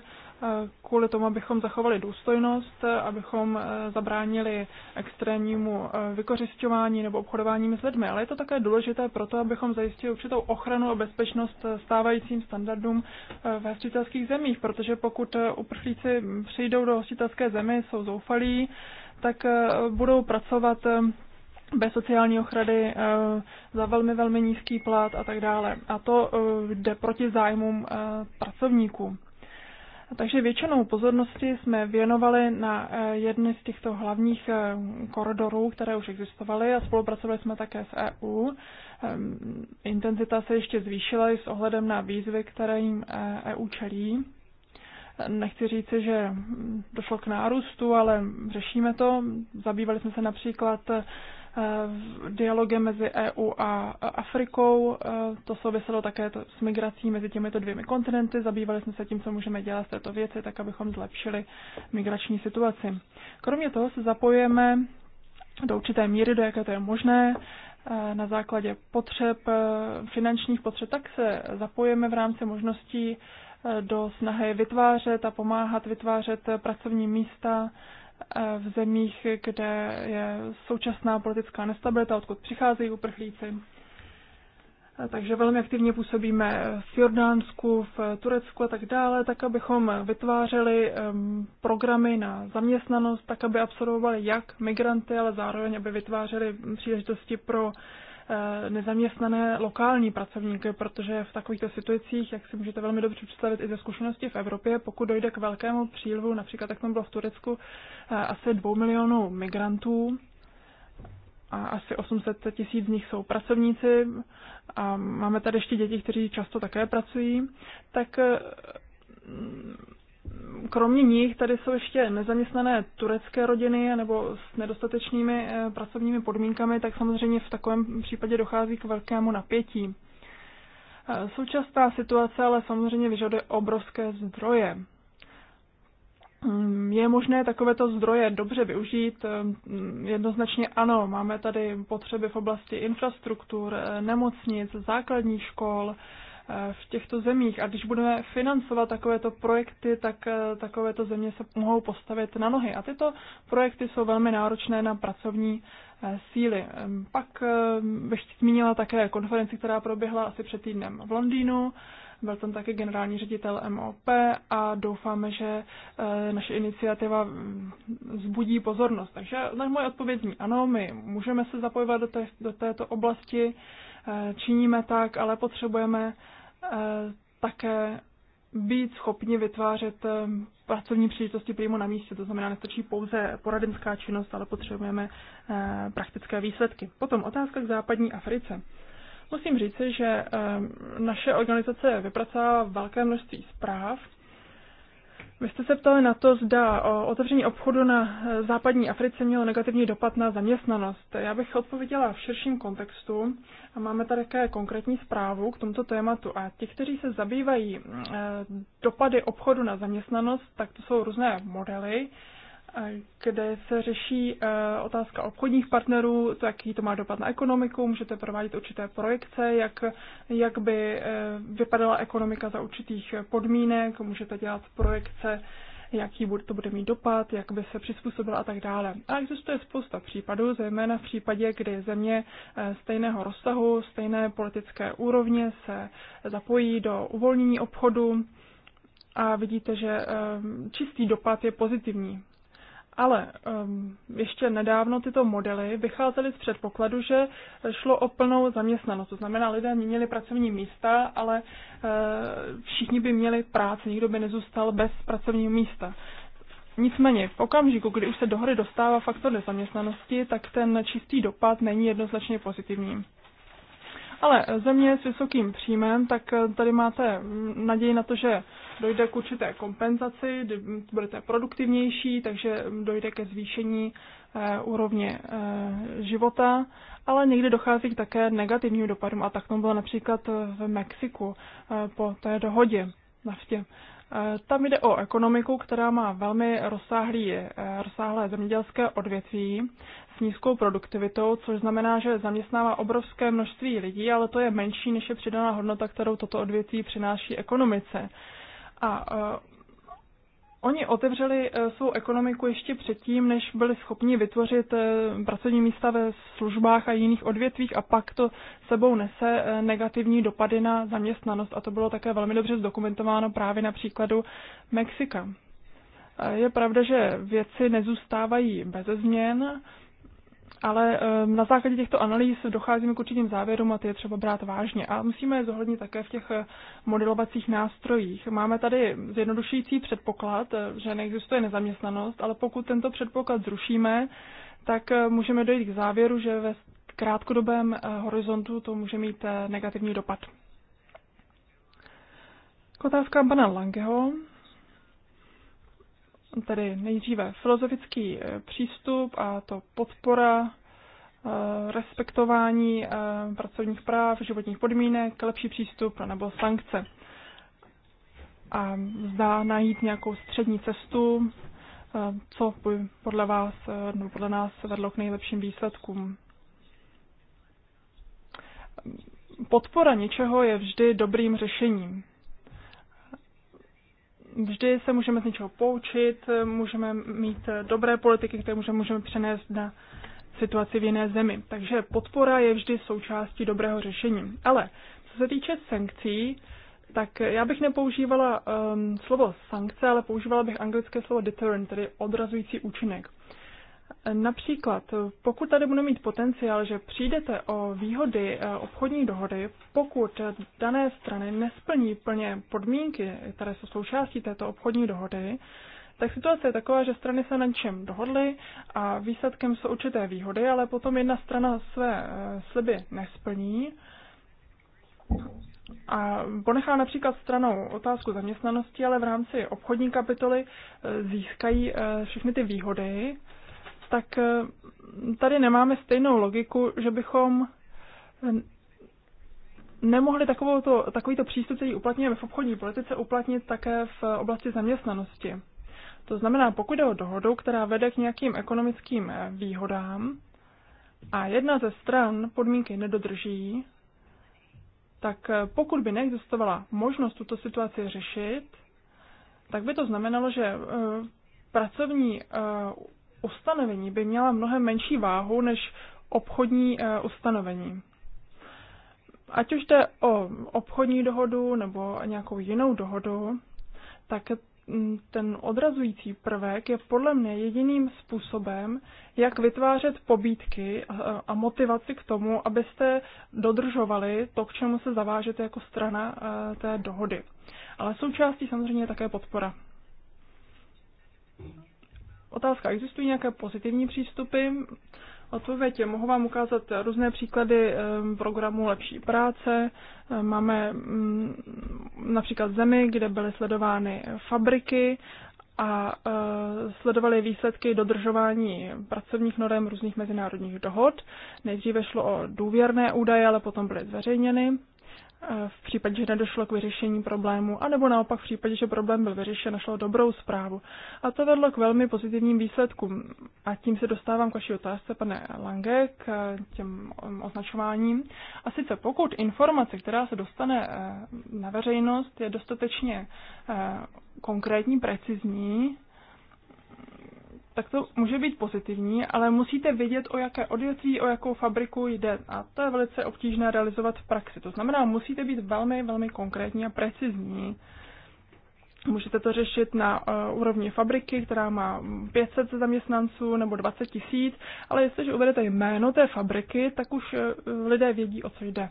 kvůli tomu, abychom zachovali důstojnost, abychom e, zabránili extrémnímu e, vykořišťování nebo obchodování s lidmi, ale je to také důležité proto, abychom zajistili určitou ochranu a bezpečnost e, stávajícím standardům ve hostitelských zemích, protože pokud uprchlíci přijdou do hostitelské zemi, jsou zoufalí, tak budou pracovat bez sociální ochrany za velmi, velmi nízký plat a tak dále. A to jde proti zájmům pracovníků. Takže většinou pozornosti jsme věnovali na eh, jedny z těchto hlavních eh, koridorů, které už existovaly a spolupracovali jsme také s EU. Ehm, intenzita se ještě zvýšila i s ohledem na výzvy, které jim EU eh, e čelí. Nechci říct, že došlo k nárůstu, ale řešíme to. Zabývali jsme se například dialogem mezi EU a Afrikou. Eh, to souviselo také s migrací mezi těmito dvěmi kontinenty. Zabývali jsme se tím, co můžeme dělat z této věci, tak abychom zlepšili migrační situaci. Kromě toho se zapojeme do určité míry, do jaké to je možné, eh, na základě potřeb, eh, finančních potřeb, tak se zapojíme v rámci možností do snahy vytvářet a pomáhat vytvářet pracovní místa Eh, v zemích, kde je současná politická nestabilita, odkud přicházejí uprchlíci. Eh, takže velmi aktivně působíme v Jordánsku, v Turecku a tak dále, tak abychom vytvářeli programy na zaměstnanost, tak aby absorbovali jak migranty, ale zároveň aby vytvářeli příležitosti pro Eh, nezaměstnané lokální pracovníky, protože v takovýchto situacích, jak si můžete velmi dobře představit i ze zkušenosti v Evropě, pokud dojde k velkému přílivu, například jak tam bylo v Turecku, eh, asi dvou milionů migrantů, a asi 800 tisíc z nich jsou pracovníci a máme tady ještě děti, kteří často také pracují, tak eh, kromě nich tady jsou ještě nezaměstnané turecké rodiny nebo s nedostatečnými eh, pracovními podmínkami, tak samozřejmě v takovém případě dochází k velkému napětí. Eh, současná situace ale samozřejmě vyžaduje obrovské zdroje. Mm, je možné takovéto zdroje dobře využít? Eh, mm, jednoznačně ano. Máme tady potřeby v oblasti infrastruktur, nemocnic, základních škol, v těchto zemích. A když budeme financovat takovéto projekty, tak eh, takovéto země se mohou postavit na nohy. A tyto projekty jsou velmi náročné na pracovní eh, síly. Ehm, pak ehm, bych zmínila také konferenci, která proběhla asi před týdnem v Londýnu. Byl tam také generální ředitel MOP a doufáme, že eh, naše iniciativa mm, zbudí pozornost. Takže moje odpověď ano, my můžeme se zapojovat do, té, do této oblasti. Eh, činíme tak, ale potřebujeme eh, také být schopni vytvářet eh, pracovní příležitosti přímo na místě. To znamená, nestačí pouze poradenská činnost, ale potřebujeme praktické výsledky. Potom otázka k západní Africe. Musím říci, že naše organizace vypracovává velké množství zpráv vy jste se ptali na to, zda o otevření obchodu na eh, západní Africe mělo negativní dopad na zaměstnanost. Já bych odpověděla v širším kontextu a máme tady také konkrétní zprávu k tomuto tématu. A ti, kteří se zabývají eh, dopady obchodu na zaměstnanost, tak to jsou různé modely, kde se řeší e, otázka obchodních partnerů, to, jaký to má dopad na ekonomiku, můžete provádět určité projekce, jak, jak by e, vypadala ekonomika za určitých podmínek, můžete dělat projekce, jaký to bude mít dopad, jak by se přizpůsobila a tak dále. A existuje spousta případů, zejména v případě, kdy země e, stejného rozsahu, stejné politické úrovně se zapojí do uvolnění obchodu a vidíte, že čistý dopad je pozitivní ale um, ještě nedávno tyto modely vycházely z předpokladu, že šlo o plnou zaměstnanost. To znamená, lidé měnili pracovní místa, ale uh, všichni by měli práci, nikdo by nezůstal bez pracovního místa. Nicméně, v okamžiku, kdy už se do hry dostává faktor nezaměstnanosti, tak ten čistý dopad není jednoznačně pozitivní. Ale země s vysokým příjmem, tak eh, tady máte hm, naději na to, že dojde k určité kompenzaci, budete produktivnější, takže dojde ke zvýšení eh, úrovně eh, života, ale někdy dochází k také negativním dopadům a tak tomu bylo například v Mexiku eh, po té dohodě naftě. Tam jde o ekonomiku, která má velmi rozsáhlý, rozsáhlé zemědělské odvětví s nízkou produktivitou, což znamená, že zaměstnává obrovské množství lidí, ale to je menší než je přidaná hodnota, kterou toto odvětví přináší ekonomice. A e, Oni otevřeli e, svou ekonomiku ještě předtím, než byli schopni vytvořit e, pracovní místa ve službách a jiných odvětvích a pak to sebou nese negativní dopady na zaměstnanost a to bylo také velmi dobře zdokumentováno právě na příkladu Mexika. Je pravda, že věci nezůstávají bez změn, ale eh, na základě těchto analýz docházíme k určitým závěrům a ty je třeba brát vážně. A musíme je zohlednit také v těch eh, modelovacích nástrojích. Máme tady zjednodušující předpoklad, eh, že neexistuje nezaměstnanost, ale pokud tento předpoklad zrušíme, tak můžeme dojít k závěru, že ve krátkodobém horizontu to může mít negativní dopad. K otázkám pana Langeho tedy nejdříve filozofický eh, přístup a to podpora eh, respektování eh, pracovních práv, životních podmínek, lepší přístup nebo sankce. A zdá najít nějakou střední cestu, co by podle vás, no podle nás vedlo k nejlepším výsledkům. Podpora něčeho je vždy dobrým řešením vždy se můžeme z něčeho poučit, můžeme mít dobré politiky, které můžeme, můžeme přenést na situaci v jiné zemi. Takže podpora je vždy součástí dobrého řešení. Ale co se týče sankcí, tak já bych nepoužívala um, slovo sankce, ale používala bych anglické slovo deterrent, tedy odrazující účinek. Například, pokud tady bude mít potenciál, že přijdete o výhody eh, obchodní dohody, pokud dané strany nesplní plně podmínky, které jsou součástí této obchodní dohody, tak situace je taková, že strany se na něčem dohodly a výsledkem jsou určité výhody, ale potom jedna strana své eh, sliby nesplní a ponechá například stranou otázku zaměstnanosti, ale v rámci obchodní kapitoly eh, získají všechny ty výhody, tak eh, tady nemáme stejnou logiku, že bychom eh, nemohli takovouto, takovýto přístup, který uplatňuje v obchodní politice, uplatnit také v oblasti zaměstnanosti. To znamená, pokud jde o dohodu, která vede k nějakým ekonomickým eh, výhodám a jedna ze stran podmínky nedodrží, tak pokud by neexistovala možnost tuto situaci řešit, tak by to znamenalo, že pracovní ustanovení by měla mnohem menší váhu než obchodní eh, ustanovení. Ať už jde o obchodní dohodu nebo nějakou jinou dohodu, tak mm, ten odrazující prvek je podle mě jediným způsobem, jak vytvářet pobídky eh, a motivaci k tomu, abyste dodržovali to, k čemu se zavážete jako strana eh, té dohody. Ale součástí samozřejmě je také podpora. Otázka, existují nějaké pozitivní přístupy? Odpověď je, mohu vám ukázat různé příklady ehm, programu lepší práce. Ehm, máme mm, například zemi, kde byly sledovány fabriky a eh, sledovali výsledky dodržování pracovních norem různých mezinárodních dohod. Nejdříve šlo o důvěrné údaje, ale potom byly zveřejněny. Eh, v případě, že nedošlo k vyřešení problému, anebo naopak v případě, že problém byl vyřešen, našlo dobrou zprávu. A to vedlo k velmi pozitivním výsledkům. A tím se dostávám k vaší otázce, pane Lange, k eh, těm mm, označováním. A sice pokud informace, která se dostane eh, na veřejnost, je dostatečně konkrétní, precizní, tak to může být pozitivní, ale musíte vědět, o jaké odvětví, o jakou fabriku jde. A to je velice obtížné realizovat v praxi. To znamená, musíte být velmi, velmi konkrétní a precizní. Můžete to řešit na uh, úrovni fabriky, která má 500 zaměstnanců nebo 20 tisíc, ale jestliže uvedete jméno té fabriky, tak už uh, lidé vědí, o co jde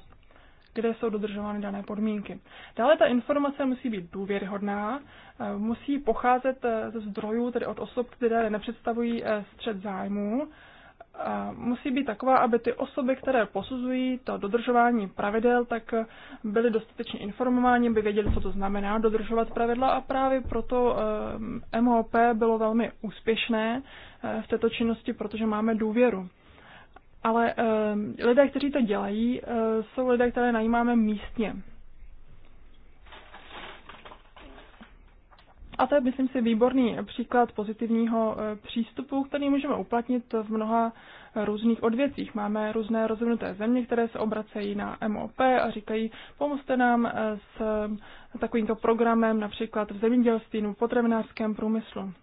kde jsou dodržovány dané podmínky. Dále ta informace musí být důvěryhodná, eh, musí pocházet eh, ze zdrojů, tedy od osob, které nepředstavují eh, střed zájmů, musí být taková, aby ty osoby, které posuzují to dodržování pravidel, tak byly dostatečně informováni, by věděli, co to znamená dodržovat pravidla a právě proto MOP bylo velmi úspěšné v této činnosti, protože máme důvěru ale uh, lidé, kteří to dělají, uh, jsou lidé, které najímáme místně. A to je, myslím si, výborný příklad pozitivního eh, přístupu, který můžeme uplatnit v mnoha různých odvěcích. Máme různé rozvinuté země, které se obracejí na MOP a říkají, pomozte nám eh, s takovýmto programem, například v zemědělství nebo potravinářském průmyslu.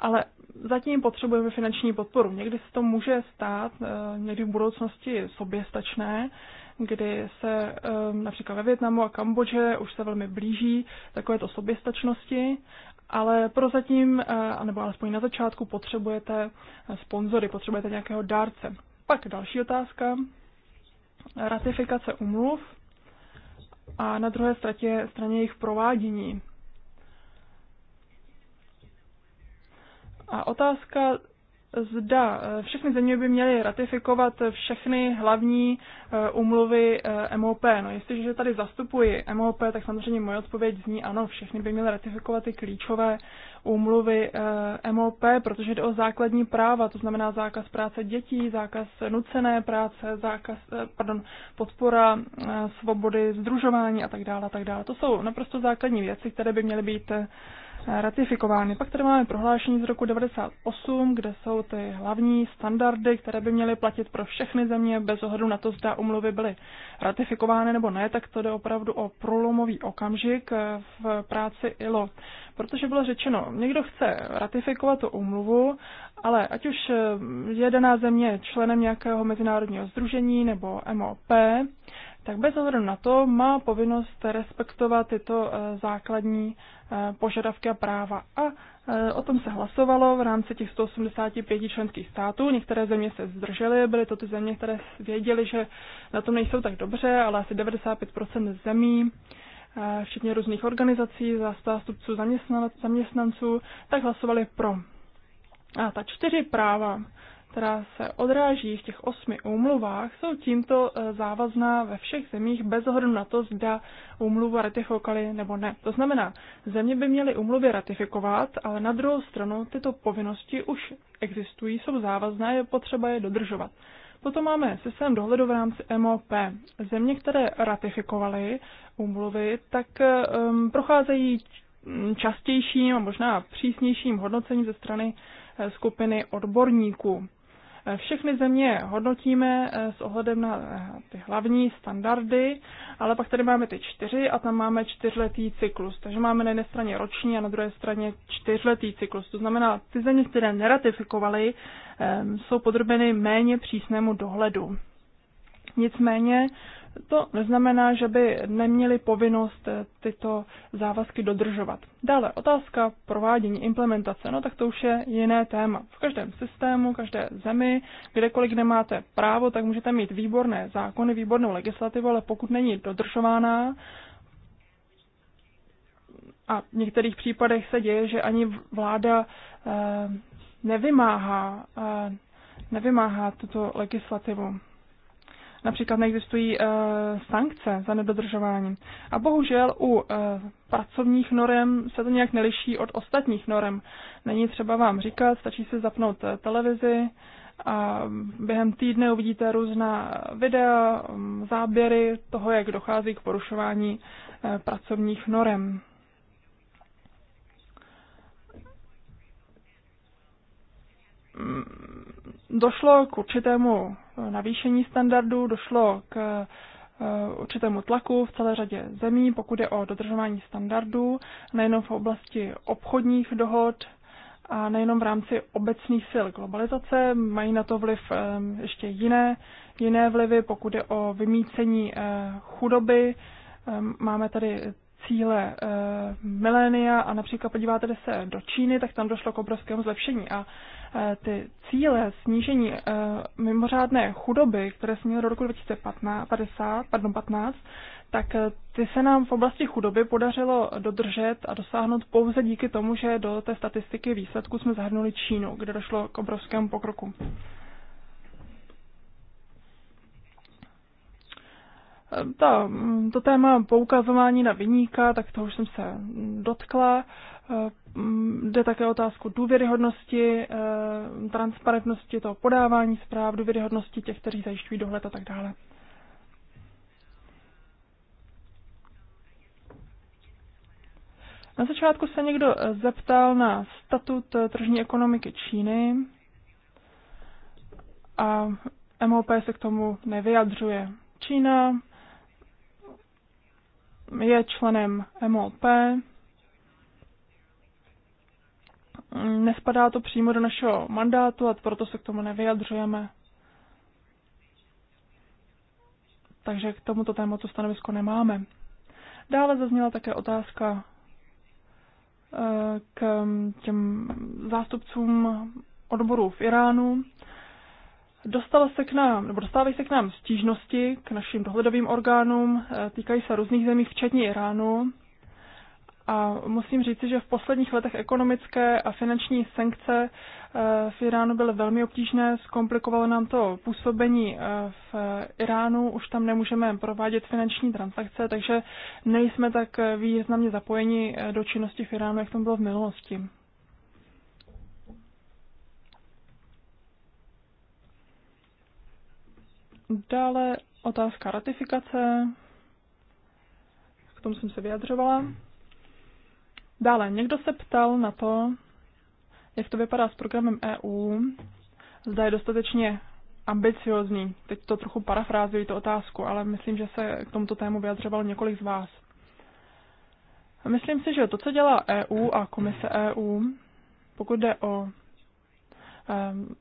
Ale zatím potřebujeme finanční podporu. Někdy se to může stát, eh, někdy v budoucnosti soběstačné, kdy se eh, například ve Větnamu a Kambodže už se velmi blíží takovéto soběstačnosti, ale prozatím, eh, nebo alespoň na začátku, potřebujete sponzory, potřebujete nějakého dárce. Pak další otázka. Ratifikace umluv a na druhé straně, straně jejich provádění. A otázka, zda eh, všechny země by měly ratifikovat všechny hlavní umluvy eh, eh, MOP. No, jestliže tady zastupuji MOP, tak samozřejmě moje odpověď zní ano, všechny by měly ratifikovat ty klíčové umluvy MOP, protože jde o základní práva, to znamená zákaz práce dětí, zákaz nucené práce, zákaz, pardon, podpora svobody združování a tak dále, a tak dále. To jsou naprosto základní věci, které by měly být ratifikovány. Pak tady máme prohlášení z roku 1998, kde jsou ty hlavní standardy, které by měly platit pro všechny země bez ohledu na to, zda umluvy byly ratifikovány nebo ne, tak to jde opravdu o průlomový okamžik v práci ILO. Protože bylo řečeno, někdo chce ratifikovat tu umluvu, ale ať už jedená země je členem nějakého mezinárodního združení nebo MOP, tak bez ohledu na to má povinnost respektovat tyto eh, základní eh, požadavky a práva. A eh, o tom se hlasovalo v rámci těch 185 členských států. Některé země se zdržely, byly to ty země, které věděly, že na tom nejsou tak dobře, ale asi 95% zemí včetně různých organizací, zástupců zaměstnanců, tak hlasovali pro. A ta čtyři práva, která se odráží v těch osmi úmluvách, jsou tímto eh, závazná ve všech zemích bez ohledu na to, zda úmluvu ratifikovali nebo ne. To znamená, země by měly úmluvy ratifikovat, ale na druhou stranu tyto povinnosti už existují, jsou závazné, je potřeba je dodržovat. Potom máme systém dohledu v rámci MOP. Země, které ratifikovaly úmluvy, tak um, procházejí častějším a možná přísnějším hodnocením ze strany eh, skupiny odborníků. Všechny země hodnotíme eh, s ohledem na eh, ty hlavní standardy, ale pak tady máme ty čtyři a tam máme čtyřletý cyklus. Takže máme na jedné straně roční a na druhé straně čtyřletý cyklus. To znamená, ty země, které neratifikovaly, eh, jsou podrobeny méně přísnému dohledu. Nicméně to neznamená, že by neměli povinnost eh, tyto závazky dodržovat. Dále otázka provádění implementace, no tak to už je jiné téma. V každém systému, každé zemi, kdekoliv nemáte právo, tak můžete mít výborné zákony, výbornou legislativu, ale pokud není dodržována, a v některých případech se děje, že ani vláda eh, nevymáhá, eh, nevymáhá tuto legislativu. Například neexistují eh, sankce za nedodržování. A bohužel u eh, pracovních norem se to nějak neliší od ostatních norem. Není třeba vám říkat, stačí se zapnout eh, televizi a během týdne uvidíte různá videa, mm, záběry toho, jak dochází k porušování pracovních norem. Mm, došlo k určitému navýšení standardů, došlo k eh, určitému tlaku v celé řadě zemí, pokud je o dodržování standardů, nejenom v oblasti obchodních dohod, a nejenom v rámci obecných sil globalizace, mají na to vliv ehm, ještě jiné, jiné vlivy, pokud je o vymícení eh, chudoby. Ehm, máme tady cíle eh, milénia a například podíváte se do Číny, tak tam došlo k obrovskému zlepšení. A Eh, ty cíle snížení eh, mimořádné chudoby, které jsme měli do roku 2015, 50, pardon, 15, tak eh, ty se nám v oblasti chudoby podařilo dodržet a dosáhnout pouze díky tomu, že do té statistiky výsledku jsme zahrnuli Čínu, kde došlo k obrovskému pokroku. Ta, mm, to téma poukazování na vyníka, tak toho už jsem se dotkla. Jde také otázku důvěryhodnosti, eh, transparentnosti toho podávání zpráv, důvěryhodnosti těch, kteří zajišťují dohled a tak dále. Na začátku se někdo eh, zeptal na statut eh, tržní ekonomiky Číny a MOP se k tomu nevyjadřuje. Čína je členem MOP, Mm, nespadá to přímo do našeho mandátu a proto se k tomu nevyjadřujeme. Takže k tomuto tématu stanovisko nemáme. Dále zazněla také otázka eh, k mm, těm zástupcům odborů v Iránu. Dostala se k nám, nebo dostávají se k nám stížnosti, k našim dohledovým orgánům, eh, týkají se různých zemí, včetně Iránu. A musím říci, že v posledních letech ekonomické a finanční sankce eh, v Iránu byly velmi obtížné, zkomplikovalo nám to působení eh, v Iránu, už tam nemůžeme provádět finanční transakce, takže nejsme tak eh, významně zapojeni do činnosti v Iránu, jak to bylo v minulosti. Dále otázka ratifikace. K tomu jsem se vyjadřovala. Hmm. Dále, někdo se ptal na to, jak to vypadá s programem EU, zda je dostatečně ambiciozní. Teď to trochu parafrázuji, to otázku, ale myslím, že se k tomuto tému vyjadřoval několik z vás. Myslím si, že to, co dělá EU a komise EU, pokud jde o um,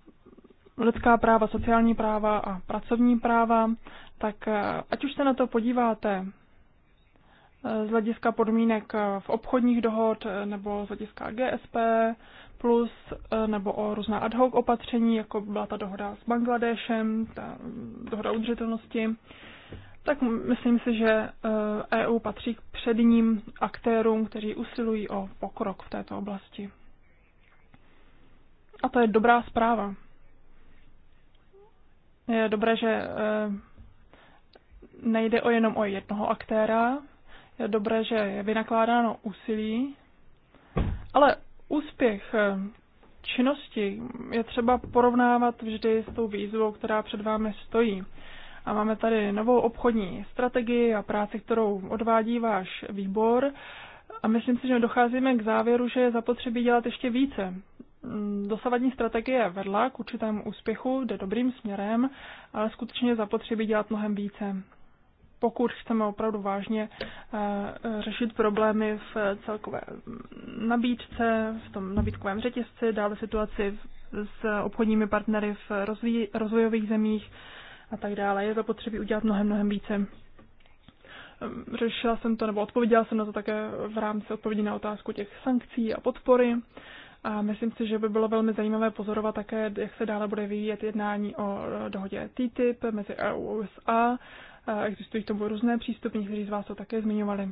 lidská práva, sociální práva a pracovní práva, tak eh, ať už se na to podíváte z hlediska podmínek eh, v obchodních dohod eh, nebo z hlediska GSP, plus eh, nebo o různá ad hoc opatření, jako byla ta dohoda s Bangladešem, ta mm, dohoda udržitelnosti, tak myslím si, že EU e patří k předním aktérům, kteří usilují o pokrok v této oblasti. A to je dobrá zpráva. Je dobré, že nejde o jenom o jednoho aktéra, je dobré, že je vynakládáno úsilí, ale úspěch eh, činnosti je třeba porovnávat vždy s tou výzvou, která před vámi stojí. A máme tady novou obchodní strategii a práci, kterou odvádí váš výbor. A myslím si, že docházíme k závěru, že je zapotřebí dělat ještě více. Mm, dosavadní strategie vedla k určitému úspěchu, jde dobrým směrem, ale skutečně zapotřebí dělat mnohem více pokud chceme opravdu vážně eh, řešit problémy v celkové nabídce, v tom nabídkovém řetězci, dále situaci s obchodními partnery v rozvojových zemích a tak dále, je zapotřebí udělat mnohem, mnohem více. Eh, řešila jsem to, nebo odpověděla jsem na to také v rámci odpovědi na otázku těch sankcí a podpory. A myslím si, že by bylo velmi zajímavé pozorovat také, jak se dále bude vyvíjet jednání o eh, dohodě TTIP mezi EU a USA Existují tomu různé přístupy, někteří z vás to také zmiňovali.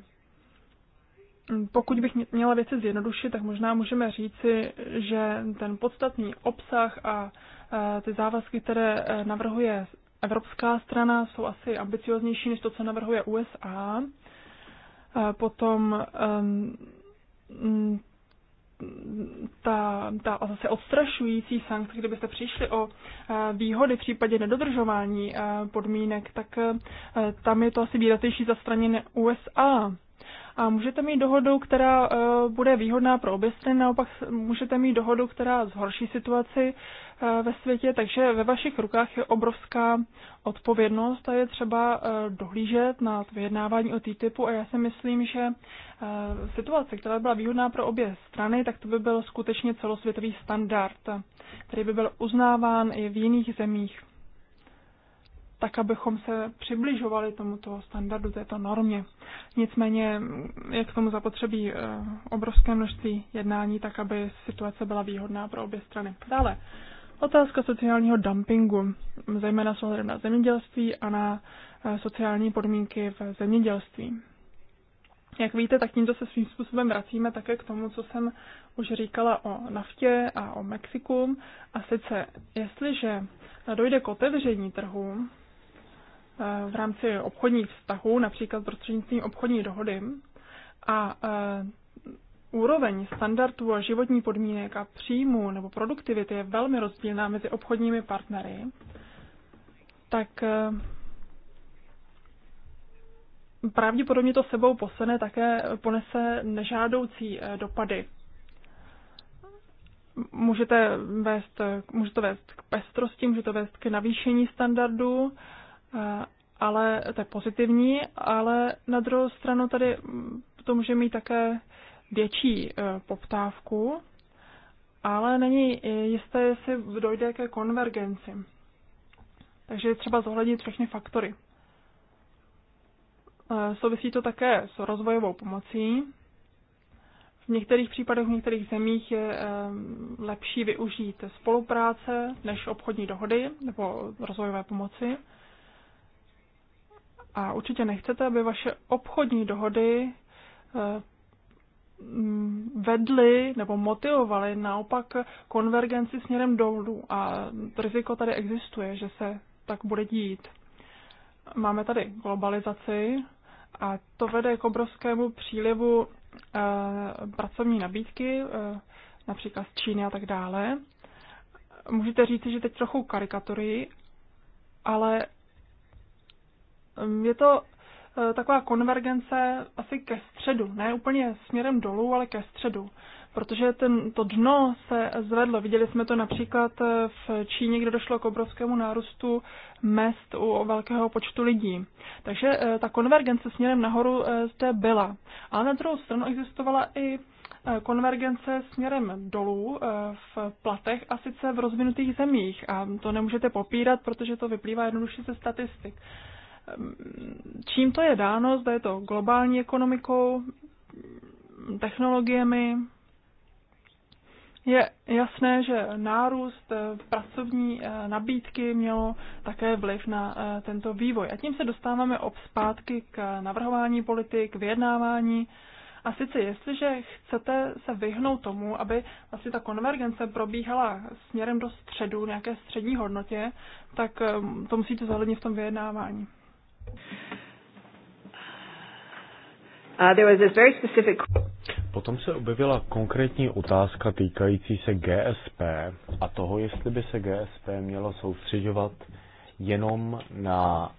Pokud bych měla věci zjednodušit, tak možná můžeme říci, že ten podstatný obsah a e, ty závazky, které e, navrhuje evropská strana, jsou asi ambicioznější než to, co navrhuje USA. Potom ta, ta zase odstrašující sankce, kdybyste přišli o eh, výhody v případě nedodržování eh, podmínek, tak eh, tam je to asi výraznější za straně USA. A můžete mít dohodu, která eh, bude výhodná pro obě strany, naopak můžete mít dohodu, která zhorší situaci eh, ve světě, takže ve vašich rukách je obrovská odpovědnost a je třeba eh, dohlížet na vyjednávání o TTIPu a já si myslím, že situace, která byla výhodná pro obě strany, tak to by byl skutečně celosvětový standard, který by byl uznáván i v jiných zemích tak abychom se přibližovali tomuto standardu, této normě. Nicméně je k tomu zapotřebí eh, obrovské množství jednání, tak aby situace byla výhodná pro obě strany. Dále, otázka sociálního dumpingu, zejména s ohledem na zemědělství a na eh, sociální podmínky v zemědělství. Jak víte, tak tímto se svým způsobem vracíme také k tomu, co jsem už říkala o naftě a o Mexiku. A sice, jestliže dojde k otevření trhu, v rámci obchodních vztahů, například prostřednictvím obchodní dohody. A e, úroveň standardů a životní podmínek a příjmu nebo produktivity je velmi rozdílná mezi obchodními partnery, tak e, pravděpodobně to sebou posene také ponese nežádoucí e, dopady. Můžete vést, může to vést k pestrosti, může to vést k navýšení standardů, Eh, ale tak pozitivní, ale na druhou stranu tady to může mít také větší eh, poptávku, ale není jisté, jestli dojde ke konvergenci. Takže je třeba zohlednit všechny faktory. Eh, souvisí to také s rozvojovou pomocí. V některých případech, v některých zemích je lepší využít spolupráce než obchodní dohody nebo rozvojové pomoci. A určitě nechcete, aby vaše obchodní dohody eh, mm, vedly nebo motivovaly naopak konvergenci směrem dolů a riziko tady existuje, že se tak bude dít. Máme tady globalizaci a to vede k obrovskému přílivu eh, pracovní nabídky, eh, například z Číny a tak dále. Můžete říct, že teď trochu karikatury, ale Ehm, je to eh, taková konvergence asi ke středu, ne úplně směrem dolů, ale ke středu, protože ten, to dno se zvedlo. Viděli jsme to například eh, v Číně, kde došlo k obrovskému nárůstu mest u velkého počtu lidí. Takže eh, ta konvergence směrem nahoru zde byla. Ale na druhou stranu existovala i konvergence směrem dolů v platech a sice v rozvinutých zemích. A to nemůžete popírat, protože to vyplývá jednoduše ze statistik čím to je dáno, zda je to globální ekonomikou, technologiemi, je jasné, že nárůst eh, pracovní eh, nabídky mělo také vliv na eh, tento vývoj. A tím se dostáváme ob zpátky k navrhování politik, vyjednávání. A sice jestliže chcete se vyhnout tomu, aby vlastně ta konvergence probíhala směrem do středu, nějaké střední hodnotě, tak to musíte zahlednit v tom vyjednávání. Uh, Potom se objevila konkrétní otázka týkající se GSP a toho, jestli by se GSP mělo soustředovat jenom na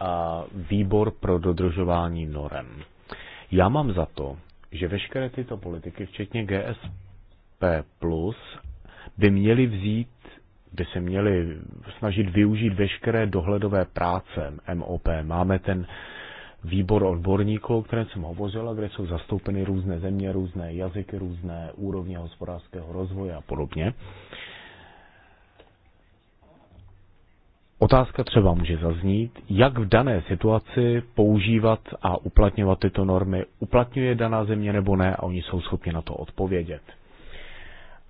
uh, výbor pro dodržování norem. Já mám za to, že veškeré tyto politiky, včetně GSP+, by měly vzít by se měli snažit využít veškeré dohledové práce MOP. Máme ten výbor odborníků, o kterém jsem hovořil, kde jsou zastoupeny různé země, různé jazyky, různé úrovně hospodářského rozvoje a podobně. Otázka třeba může zaznít, jak v dané situaci používat a uplatňovat tyto normy. Uplatňuje daná země nebo ne a oni jsou schopni na to odpovědět.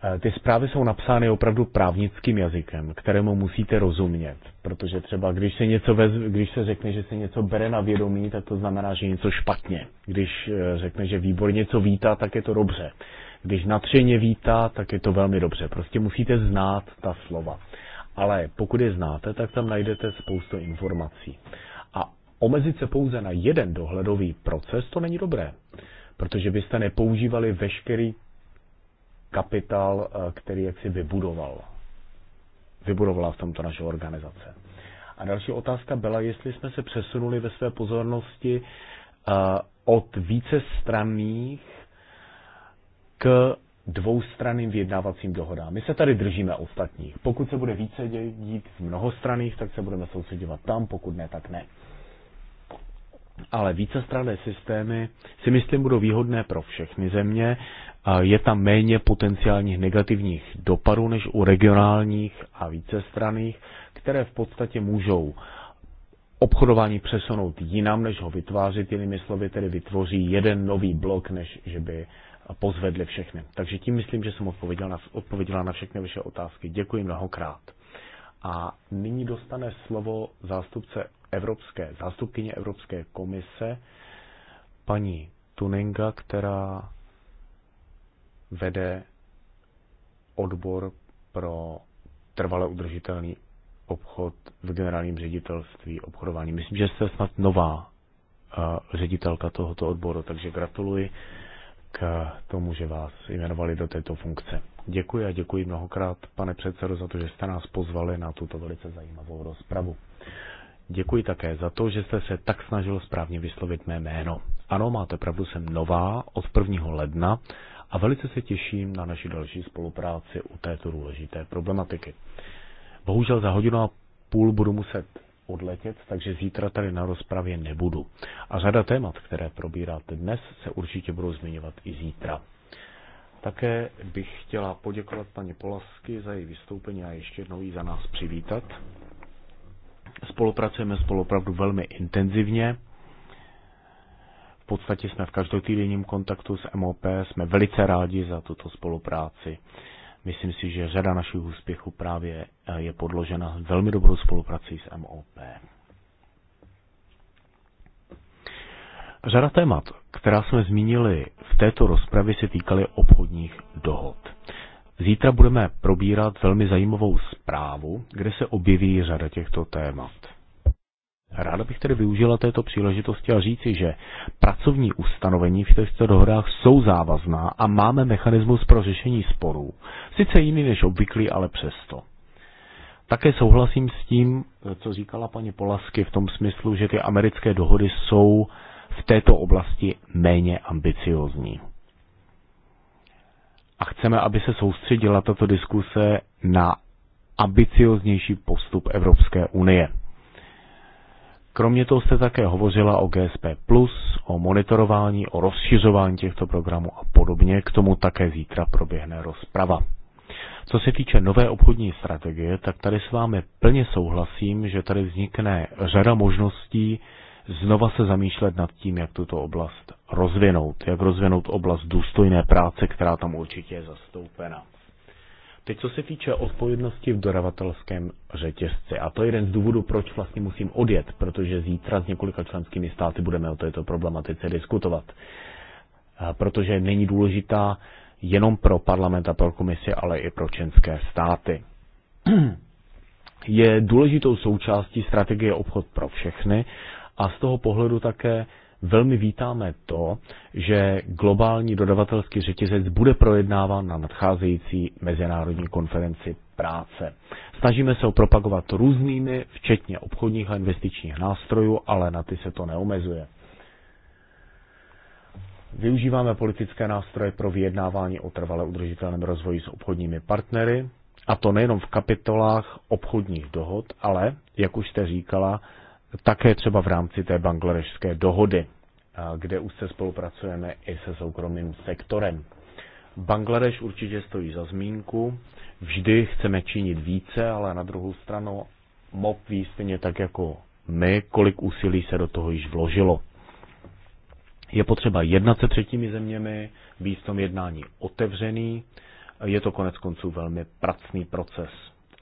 Eh, ty zprávy jsou napsány opravdu právnickým jazykem, kterému musíte rozumět, protože třeba když se, něco vez, když se řekne, že se něco bere na vědomí, tak to znamená, že je něco špatně. Když eh, řekne, že výbor něco vítá, tak je to dobře. Když natřeně vítá, tak je to velmi dobře. Prostě musíte znát ta slova. Ale pokud je znáte, tak tam najdete spoustu informací. A omezit se pouze na jeden dohledový proces, to není dobré, protože byste nepoužívali veškerý kapitál, eh, který jaksi vybudoval. Vybudovala v tomto naše organizace. A další otázka byla, jestli jsme se přesunuli ve své pozornosti eh, od vícestranných k dvoustranným vyjednávacím dohodám. My se tady držíme ostatních. Pokud se bude více dít v mnohostranných, tak se budeme soustředovat tam, pokud ne, tak ne. Ale vícestranné systémy si myslím budou výhodné pro všechny země je tam méně potenciálních negativních dopadů než u regionálních a vícestraných, které v podstatě můžou obchodování přesunout jinam, než ho vytvářet. Jinými slovy tedy vytvoří jeden nový blok, než že by pozvedli všechny. Takže tím myslím, že jsem odpověděla na, odpověděla na všechny vaše otázky. Děkuji mnohokrát. A nyní dostane slovo zástupce Evropské, zástupkyně Evropské komise, paní Tuninga, která vede odbor pro trvale udržitelný obchod v generálním ředitelství obchodování. Myslím, že jste snad nová eh, ředitelka tohoto odboru, takže gratuluji k tomu, že vás jmenovali do této funkce. Děkuji a děkuji mnohokrát, pane předsedo, za to, že jste nás pozvali na tuto velice zajímavou rozpravu. Děkuji také za to, že jste se tak snažil správně vyslovit mé jméno. Ano, máte pravdu, jsem nová od 1. ledna, a velice se těším na naši další spolupráci u této důležité problematiky. Bohužel za hodinu a půl budu muset odletět, takže zítra tady na rozpravě nebudu. A řada témat, které probíráte dnes, se určitě budou zmiňovat i zítra. Také bych chtěla poděkovat paní Polasky za její vystoupení a ještě jednou ji za nás přivítat. Spolupracujeme spolu opravdu velmi intenzivně podstatě jsme v každotýdenním kontaktu s MOP, jsme velice rádi za tuto spolupráci. Myslím si, že řada našich úspěchů právě eh, je podložena velmi dobrou spoluprací s MOP. Řada témat, která jsme zmínili v této rozpravě, se týkaly obchodních dohod. Zítra budeme probírat velmi zajímavou zprávu, kde se objeví řada těchto témat. Ráda bych tedy využila této příležitosti a říci, že pracovní ustanovení v těchto dohodách jsou závazná a máme mechanismus pro řešení sporů. Sice jiný než obvyklý, ale přesto. Také souhlasím s tím, co říkala paní Polasky v tom smyslu, že ty americké dohody jsou v této oblasti méně ambiciozní. A chceme, aby se soustředila tato diskuse na ambicioznější postup Evropské unie. Kromě toho jste také hovořila o GSP+, o monitorování, o rozšiřování těchto programů a podobně. K tomu také zítra proběhne rozprava. Co se týče nové obchodní strategie, tak tady s vámi plně souhlasím, že tady vznikne řada možností znova se zamýšlet nad tím, jak tuto oblast rozvinout, jak rozvinout oblast důstojné práce, která tam určitě je zastoupena. Teď co se týče odpovědnosti v dodavatelském řetězci, a to je jeden z důvodů, proč vlastně musím odjet, protože zítra s několika členskými státy budeme o této problematice diskutovat. Protože není důležitá jenom pro parlament a pro komisi, ale i pro členské státy. Je důležitou součástí strategie obchod pro všechny a z toho pohledu také velmi vítáme to, že globální dodavatelský řetězec bude projednáván na nadcházející mezinárodní konferenci práce. Snažíme se ho propagovat různými, včetně obchodních a investičních nástrojů, ale na ty se to neomezuje. Využíváme politické nástroje pro vyjednávání o trvale udržitelném rozvoji s obchodními partnery, a to nejenom v kapitolách obchodních dohod, ale, jak už jste říkala, také třeba v rámci té bangladešské dohody, kde už se spolupracujeme i se soukromým sektorem. Bangladeš určitě stojí za zmínku, vždy chceme činit více, ale na druhou stranu MOP ví stejně tak jako my, kolik úsilí se do toho již vložilo. Je potřeba jednat se třetími zeměmi, být v tom jednání otevřený, je to konec konců velmi pracný proces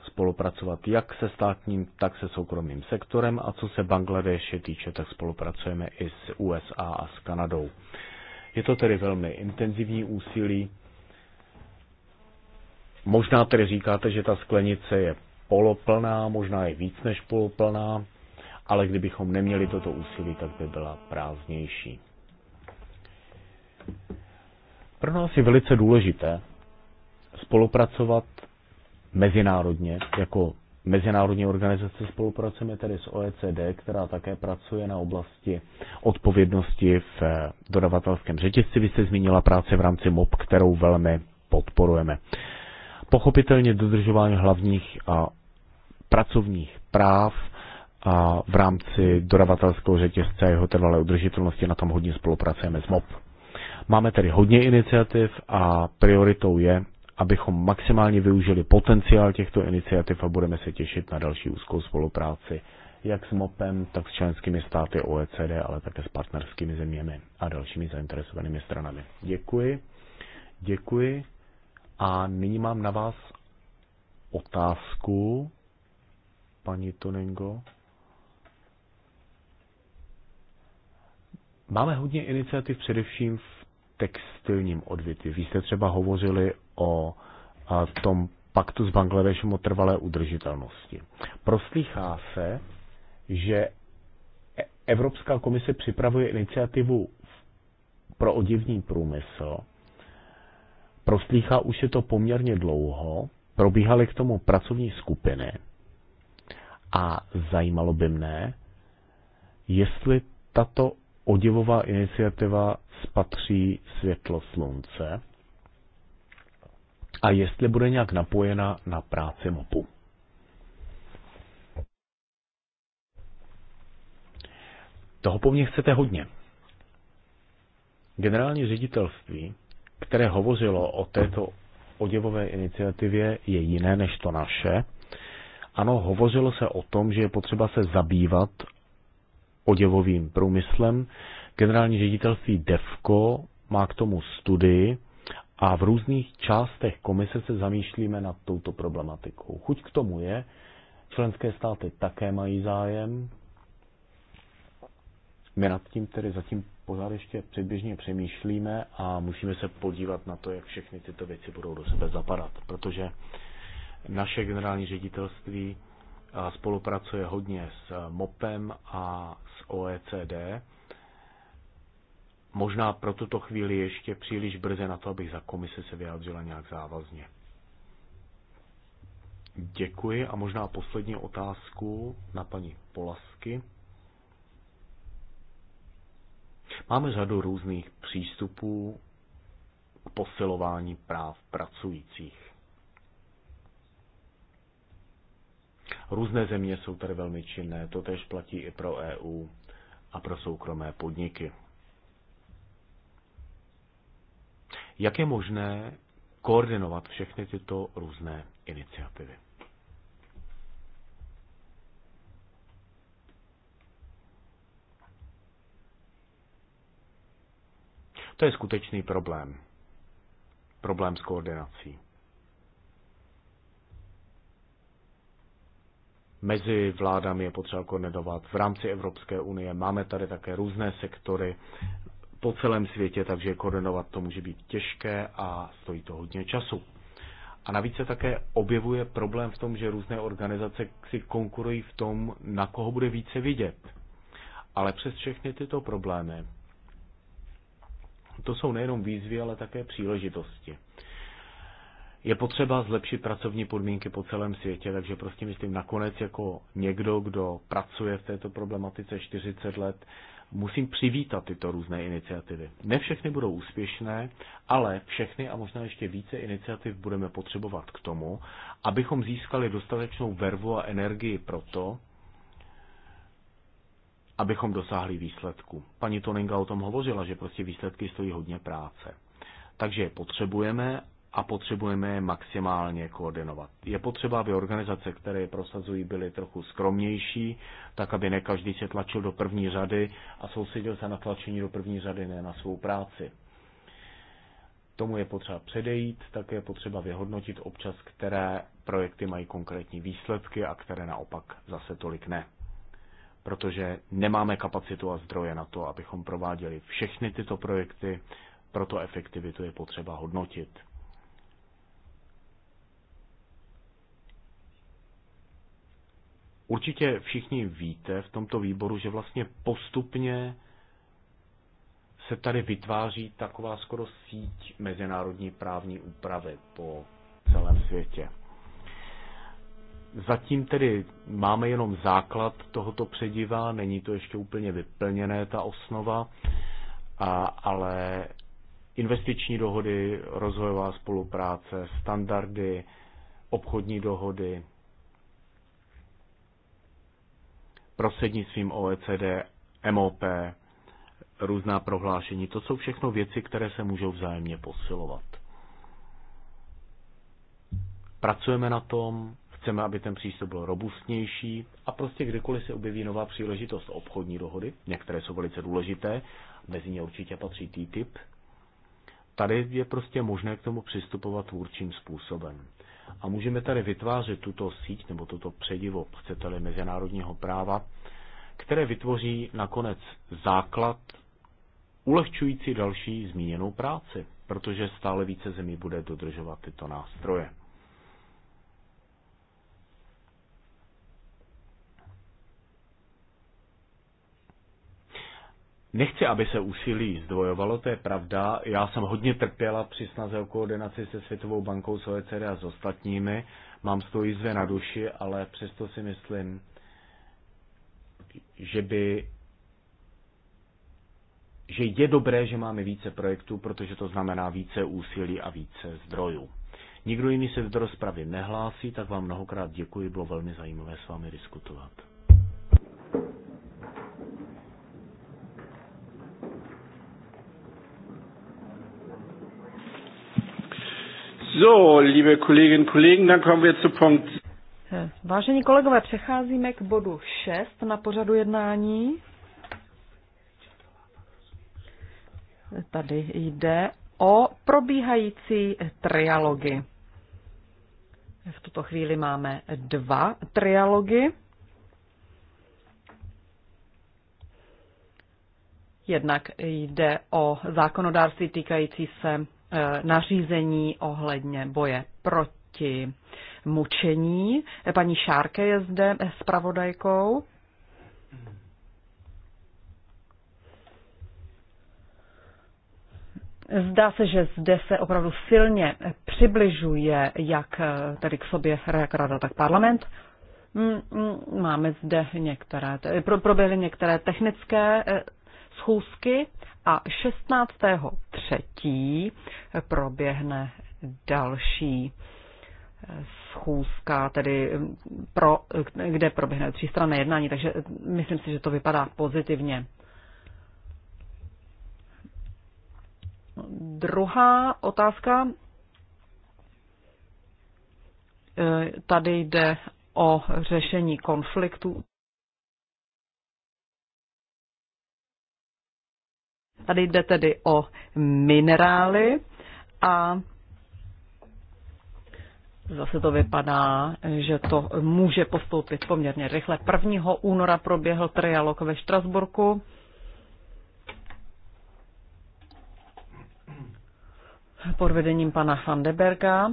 spolupracovat jak se státním, tak se soukromým sektorem a co se Bangladeše týče, tak spolupracujeme i s USA a s Kanadou. Je to tedy velmi intenzivní úsilí. Možná tedy říkáte, že ta sklenice je poloplná, možná je víc než poloplná, ale kdybychom neměli toto úsilí, tak by byla prázdnější. Pro nás je velice důležité spolupracovat mezinárodně, jako mezinárodní organizace spolupracujeme tedy s OECD, která také pracuje na oblasti odpovědnosti v eh, dodavatelském řetězci. Vy jste zmínila práce v rámci MOP, kterou velmi podporujeme. Pochopitelně dodržování hlavních a pracovních práv a v rámci dodavatelského řetězce a jeho trvalé udržitelnosti na tom hodně spolupracujeme s MOP. Máme tedy hodně iniciativ a prioritou je abychom maximálně využili potenciál těchto iniciativ a budeme se těšit na další úzkou spolupráci jak s MOPem, tak s členskými státy OECD, ale také s partnerskými zeměmi a dalšími zainteresovanými stranami. Děkuji. Děkuji. A nyní mám na vás otázku, paní Tonengo. Máme hodně iniciativ především v textilním odvětví. Vy jste třeba hovořili o tom paktu s Bangladešem o trvalé udržitelnosti. Proslýchá se, že Evropská komise připravuje iniciativu pro odivní průmysl. Proslýchá už je to poměrně dlouho, probíhaly k tomu pracovní skupiny a zajímalo by mne, jestli tato odivová iniciativa spatří světlo slunce a jestli bude nějak napojena na práci MOPu. Toho po mně chcete hodně. Generální ředitelství, které hovořilo o této oděvové iniciativě, je jiné než to naše. Ano, hovořilo se o tom, že je potřeba se zabývat oděvovým průmyslem. Generální ředitelství DEVKO má k tomu studii, a v různých částech komise se zamýšlíme nad touto problematikou. Chuť k tomu je, členské státy také mají zájem. My nad tím tedy zatím pořád ještě předběžně přemýšlíme a musíme se podívat na to, jak všechny tyto věci budou do sebe zapadat, protože naše generální ředitelství eh, spolupracuje hodně s eh, MOPem a s OECD možná pro tuto chvíli ještě příliš brze na to, abych za komise se vyjádřila nějak závazně. Děkuji a možná poslední otázku na paní Polasky. Máme řadu různých přístupů k posilování práv pracujících. Různé země jsou tady velmi činné, to tež platí i pro EU a pro soukromé podniky. Jak je možné koordinovat všechny tyto různé iniciativy? To je skutečný problém. Problém s koordinací. Mezi vládami je potřeba koordinovat v rámci Evropské unie. Máme tady také různé sektory po celém světě, takže koordinovat to může být těžké a stojí to hodně času. A navíc se také objevuje problém v tom, že různé organizace si konkurují v tom, na koho bude více vidět. Ale přes všechny tyto problémy, to jsou nejenom výzvy, ale také příležitosti. Je potřeba zlepšit pracovní podmínky po celém světě, takže prostě myslím nakonec jako někdo, kdo pracuje v této problematice 40 let, musím přivítat tyto různé iniciativy. Ne všechny budou úspěšné, ale všechny a možná ještě více iniciativ budeme potřebovat k tomu, abychom získali dostatečnou vervu a energii pro to, abychom dosáhli výsledku. Paní Toninga o tom hovořila, že prostě výsledky stojí hodně práce. Takže potřebujeme a potřebujeme je maximálně koordinovat. Je potřeba, aby organizace, které je prosazují, byly trochu skromnější, tak aby ne každý se tlačil do první řady a soustředil se na tlačení do první řady, ne na svou práci. Tomu je potřeba předejít, také je potřeba vyhodnotit občas, které projekty mají konkrétní výsledky a které naopak zase tolik ne. Protože nemáme kapacitu a zdroje na to, abychom prováděli všechny tyto projekty, proto efektivitu je potřeba hodnotit. Určitě všichni víte v tomto výboru, že vlastně postupně se tady vytváří taková skoro síť mezinárodní právní úpravy po celém světě. Zatím tedy máme jenom základ tohoto předivá, není to ještě úplně vyplněné ta osnova, a, ale investiční dohody, rozvojová spolupráce, standardy, obchodní dohody, prostřednictvím OECD, MOP, různá prohlášení. To jsou všechno věci, které se můžou vzájemně posilovat. Pracujeme na tom, chceme, aby ten přístup byl robustnější a prostě kdykoliv se objeví nová příležitost obchodní dohody, některé jsou velice důležité, mezi ně určitě patří TTIP, tady je prostě možné k tomu přistupovat tvůrčím způsobem. A můžeme tady vytvářet tuto síť nebo toto předivo, chcete-li, mezinárodního práva, které vytvoří nakonec základ ulehčující další zmíněnou práci, protože stále více zemí bude dodržovat tyto nástroje. Nechci, aby se úsilí zdvojovalo, to je pravda. Já jsem hodně trpěla při snaze o koordinaci se Světovou bankou, s OECD a s ostatními. Mám z toho jízve na duši, ale přesto si myslím, že by že je dobré, že máme více projektů, protože to znamená více úsilí a více zdrojů. Nikdo jiný se do rozpravy nehlásí, tak vám mnohokrát děkuji, bylo velmi zajímavé s vámi diskutovat. So, liebe Kolleginnen und Kollegen, dann kommen wir zu Punkt. Vážení kolegové, přecházíme k bodu 6 na pořadu jednání. Tady jde o probíhající trialogy. V tuto chvíli máme dva trialogy. Jednak jde o zákonodárství týkající se Eh, nařízení ohledně boje proti mučení. Paní Šárke je zde pravodajkou. Zdá se, že zde se opravdu silně přibližuje jak eh, tedy k sobě jak rada, tak parlament. Mm, mm, máme zde některé, proběhly některé technické eh, schůzky a 16.3. proběhne další schůzka, tedy mm, pro, kde proběhne třístranné jednání, takže mm, myslím si, že to vypadá pozitivně. Druhá otázka. E, tady jde o řešení konfliktu. Tady jde tedy o minerály a Zase to vypadá, že to může postoupit poměrně rychle. 1. února proběhl trialog ve Štrasburku. pod vedením pana Vandeberga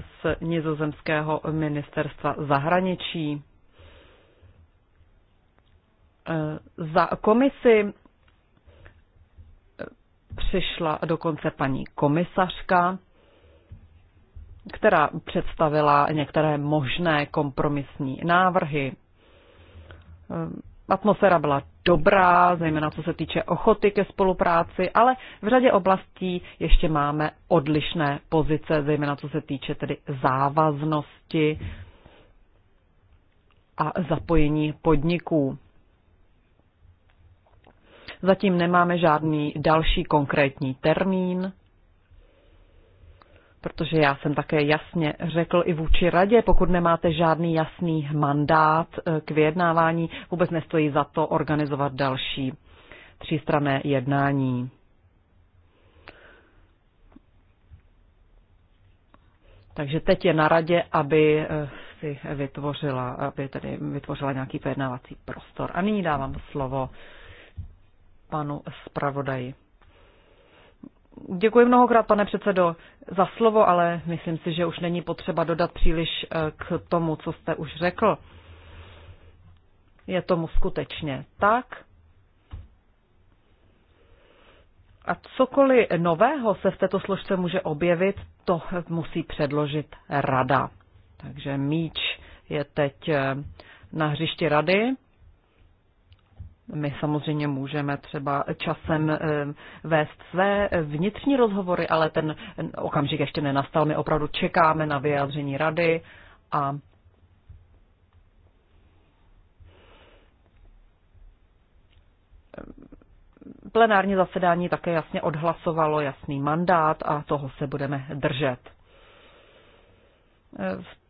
z nizozemského ministerstva zahraničí. Eh, za komisi eh, přišla dokonce paní komisařka, která představila některé možné kompromisní návrhy. Eh, atmosféra byla dobrá, zejména co se týče ochoty ke spolupráci, ale v řadě oblastí ještě máme odlišné pozice, zejména co se týče tedy závaznosti a zapojení podniků. Zatím nemáme žádný další konkrétní termín, protože já jsem také jasně řekl i vůči radě, pokud nemáte žádný jasný mandát eh, k vyjednávání, vůbec nestojí za to organizovat další třístrané jednání. Takže teď je na radě, aby eh, si vytvořila, aby tedy vytvořila nějaký pojednávací prostor. A nyní dávám slovo panu zpravodaji. Děkuji mnohokrát, pane předsedo, za slovo, ale myslím si, že už není potřeba dodat příliš eh, k tomu, co jste už řekl. Je tomu skutečně tak. A cokoliv nového se v této složce může objevit, to musí předložit rada. Takže míč je teď eh, na hřišti rady my samozřejmě můžeme třeba časem eh, vést své vnitřní rozhovory, ale ten okamžik ještě nenastal. My opravdu čekáme na vyjádření rady a plenární zasedání také jasně odhlasovalo jasný mandát a toho se budeme držet. Eh, v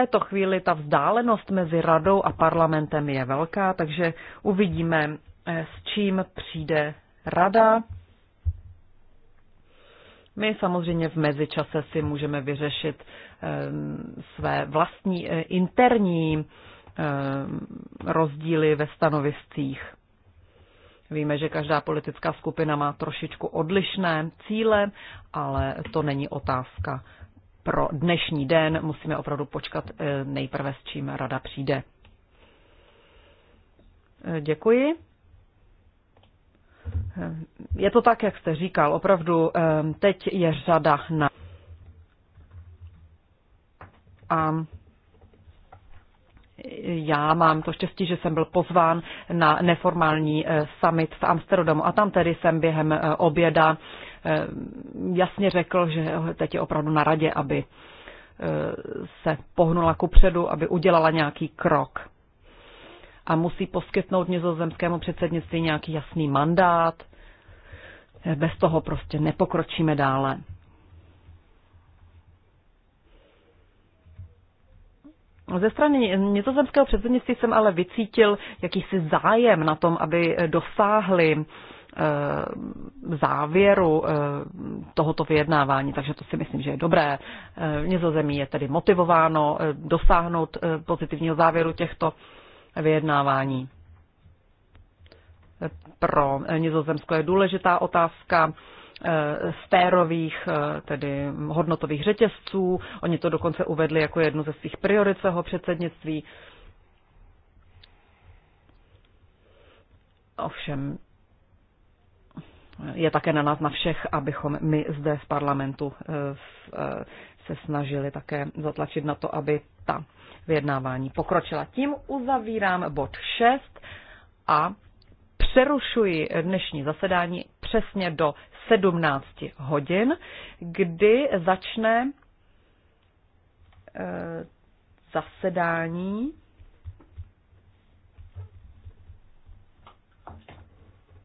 této chvíli ta vzdálenost mezi radou a parlamentem je velká, takže uvidíme, eh, s čím přijde rada. My samozřejmě v mezičase si můžeme vyřešit ehm, své vlastní eh, interní ehm, rozdíly ve stanoviscích. Víme, že každá politická skupina má trošičku odlišné cíle, ale to není otázka pro dnešní den musíme opravdu počkat eh, nejprve, s čím rada přijde. Eh, děkuji. Eh, je to tak, jak jste říkal, opravdu teď je řada na. A já mám to štěstí, že jsem byl pozván na neformální summit v Amsterdamu a tam tedy jsem během oběda Eh, jasně řekl, že teď je opravdu na radě, aby eh, se pohnula předu, aby udělala nějaký krok. A musí poskytnout nizozemskému předsednictví nějaký jasný mandát. Eh, bez toho prostě nepokročíme dále. Ze strany nizozemského předsednictví jsem ale vycítil jakýsi zájem na tom, aby dosáhli Eh, závěru eh, tohoto vyjednávání, takže to si myslím, že je dobré. Eh, Nizozemí je tedy motivováno dosáhnout pozitivního závěru těchto vyjednávání. Pro Nizozemsko je důležitá otázka sférových, tedy hodnotových řetězců. Oni to dokonce uvedli jako jednu ze svých priorit svého předsednictví. Ovšem, je také na nás na všech, abychom my zde v parlamentu eh, eh, se snažili také zatlačit na to, aby ta vyjednávání pokročila. Tím uzavírám bod 6 a přerušuji dnešní zasedání přesně do 17 hodin, kdy začne eh, zasedání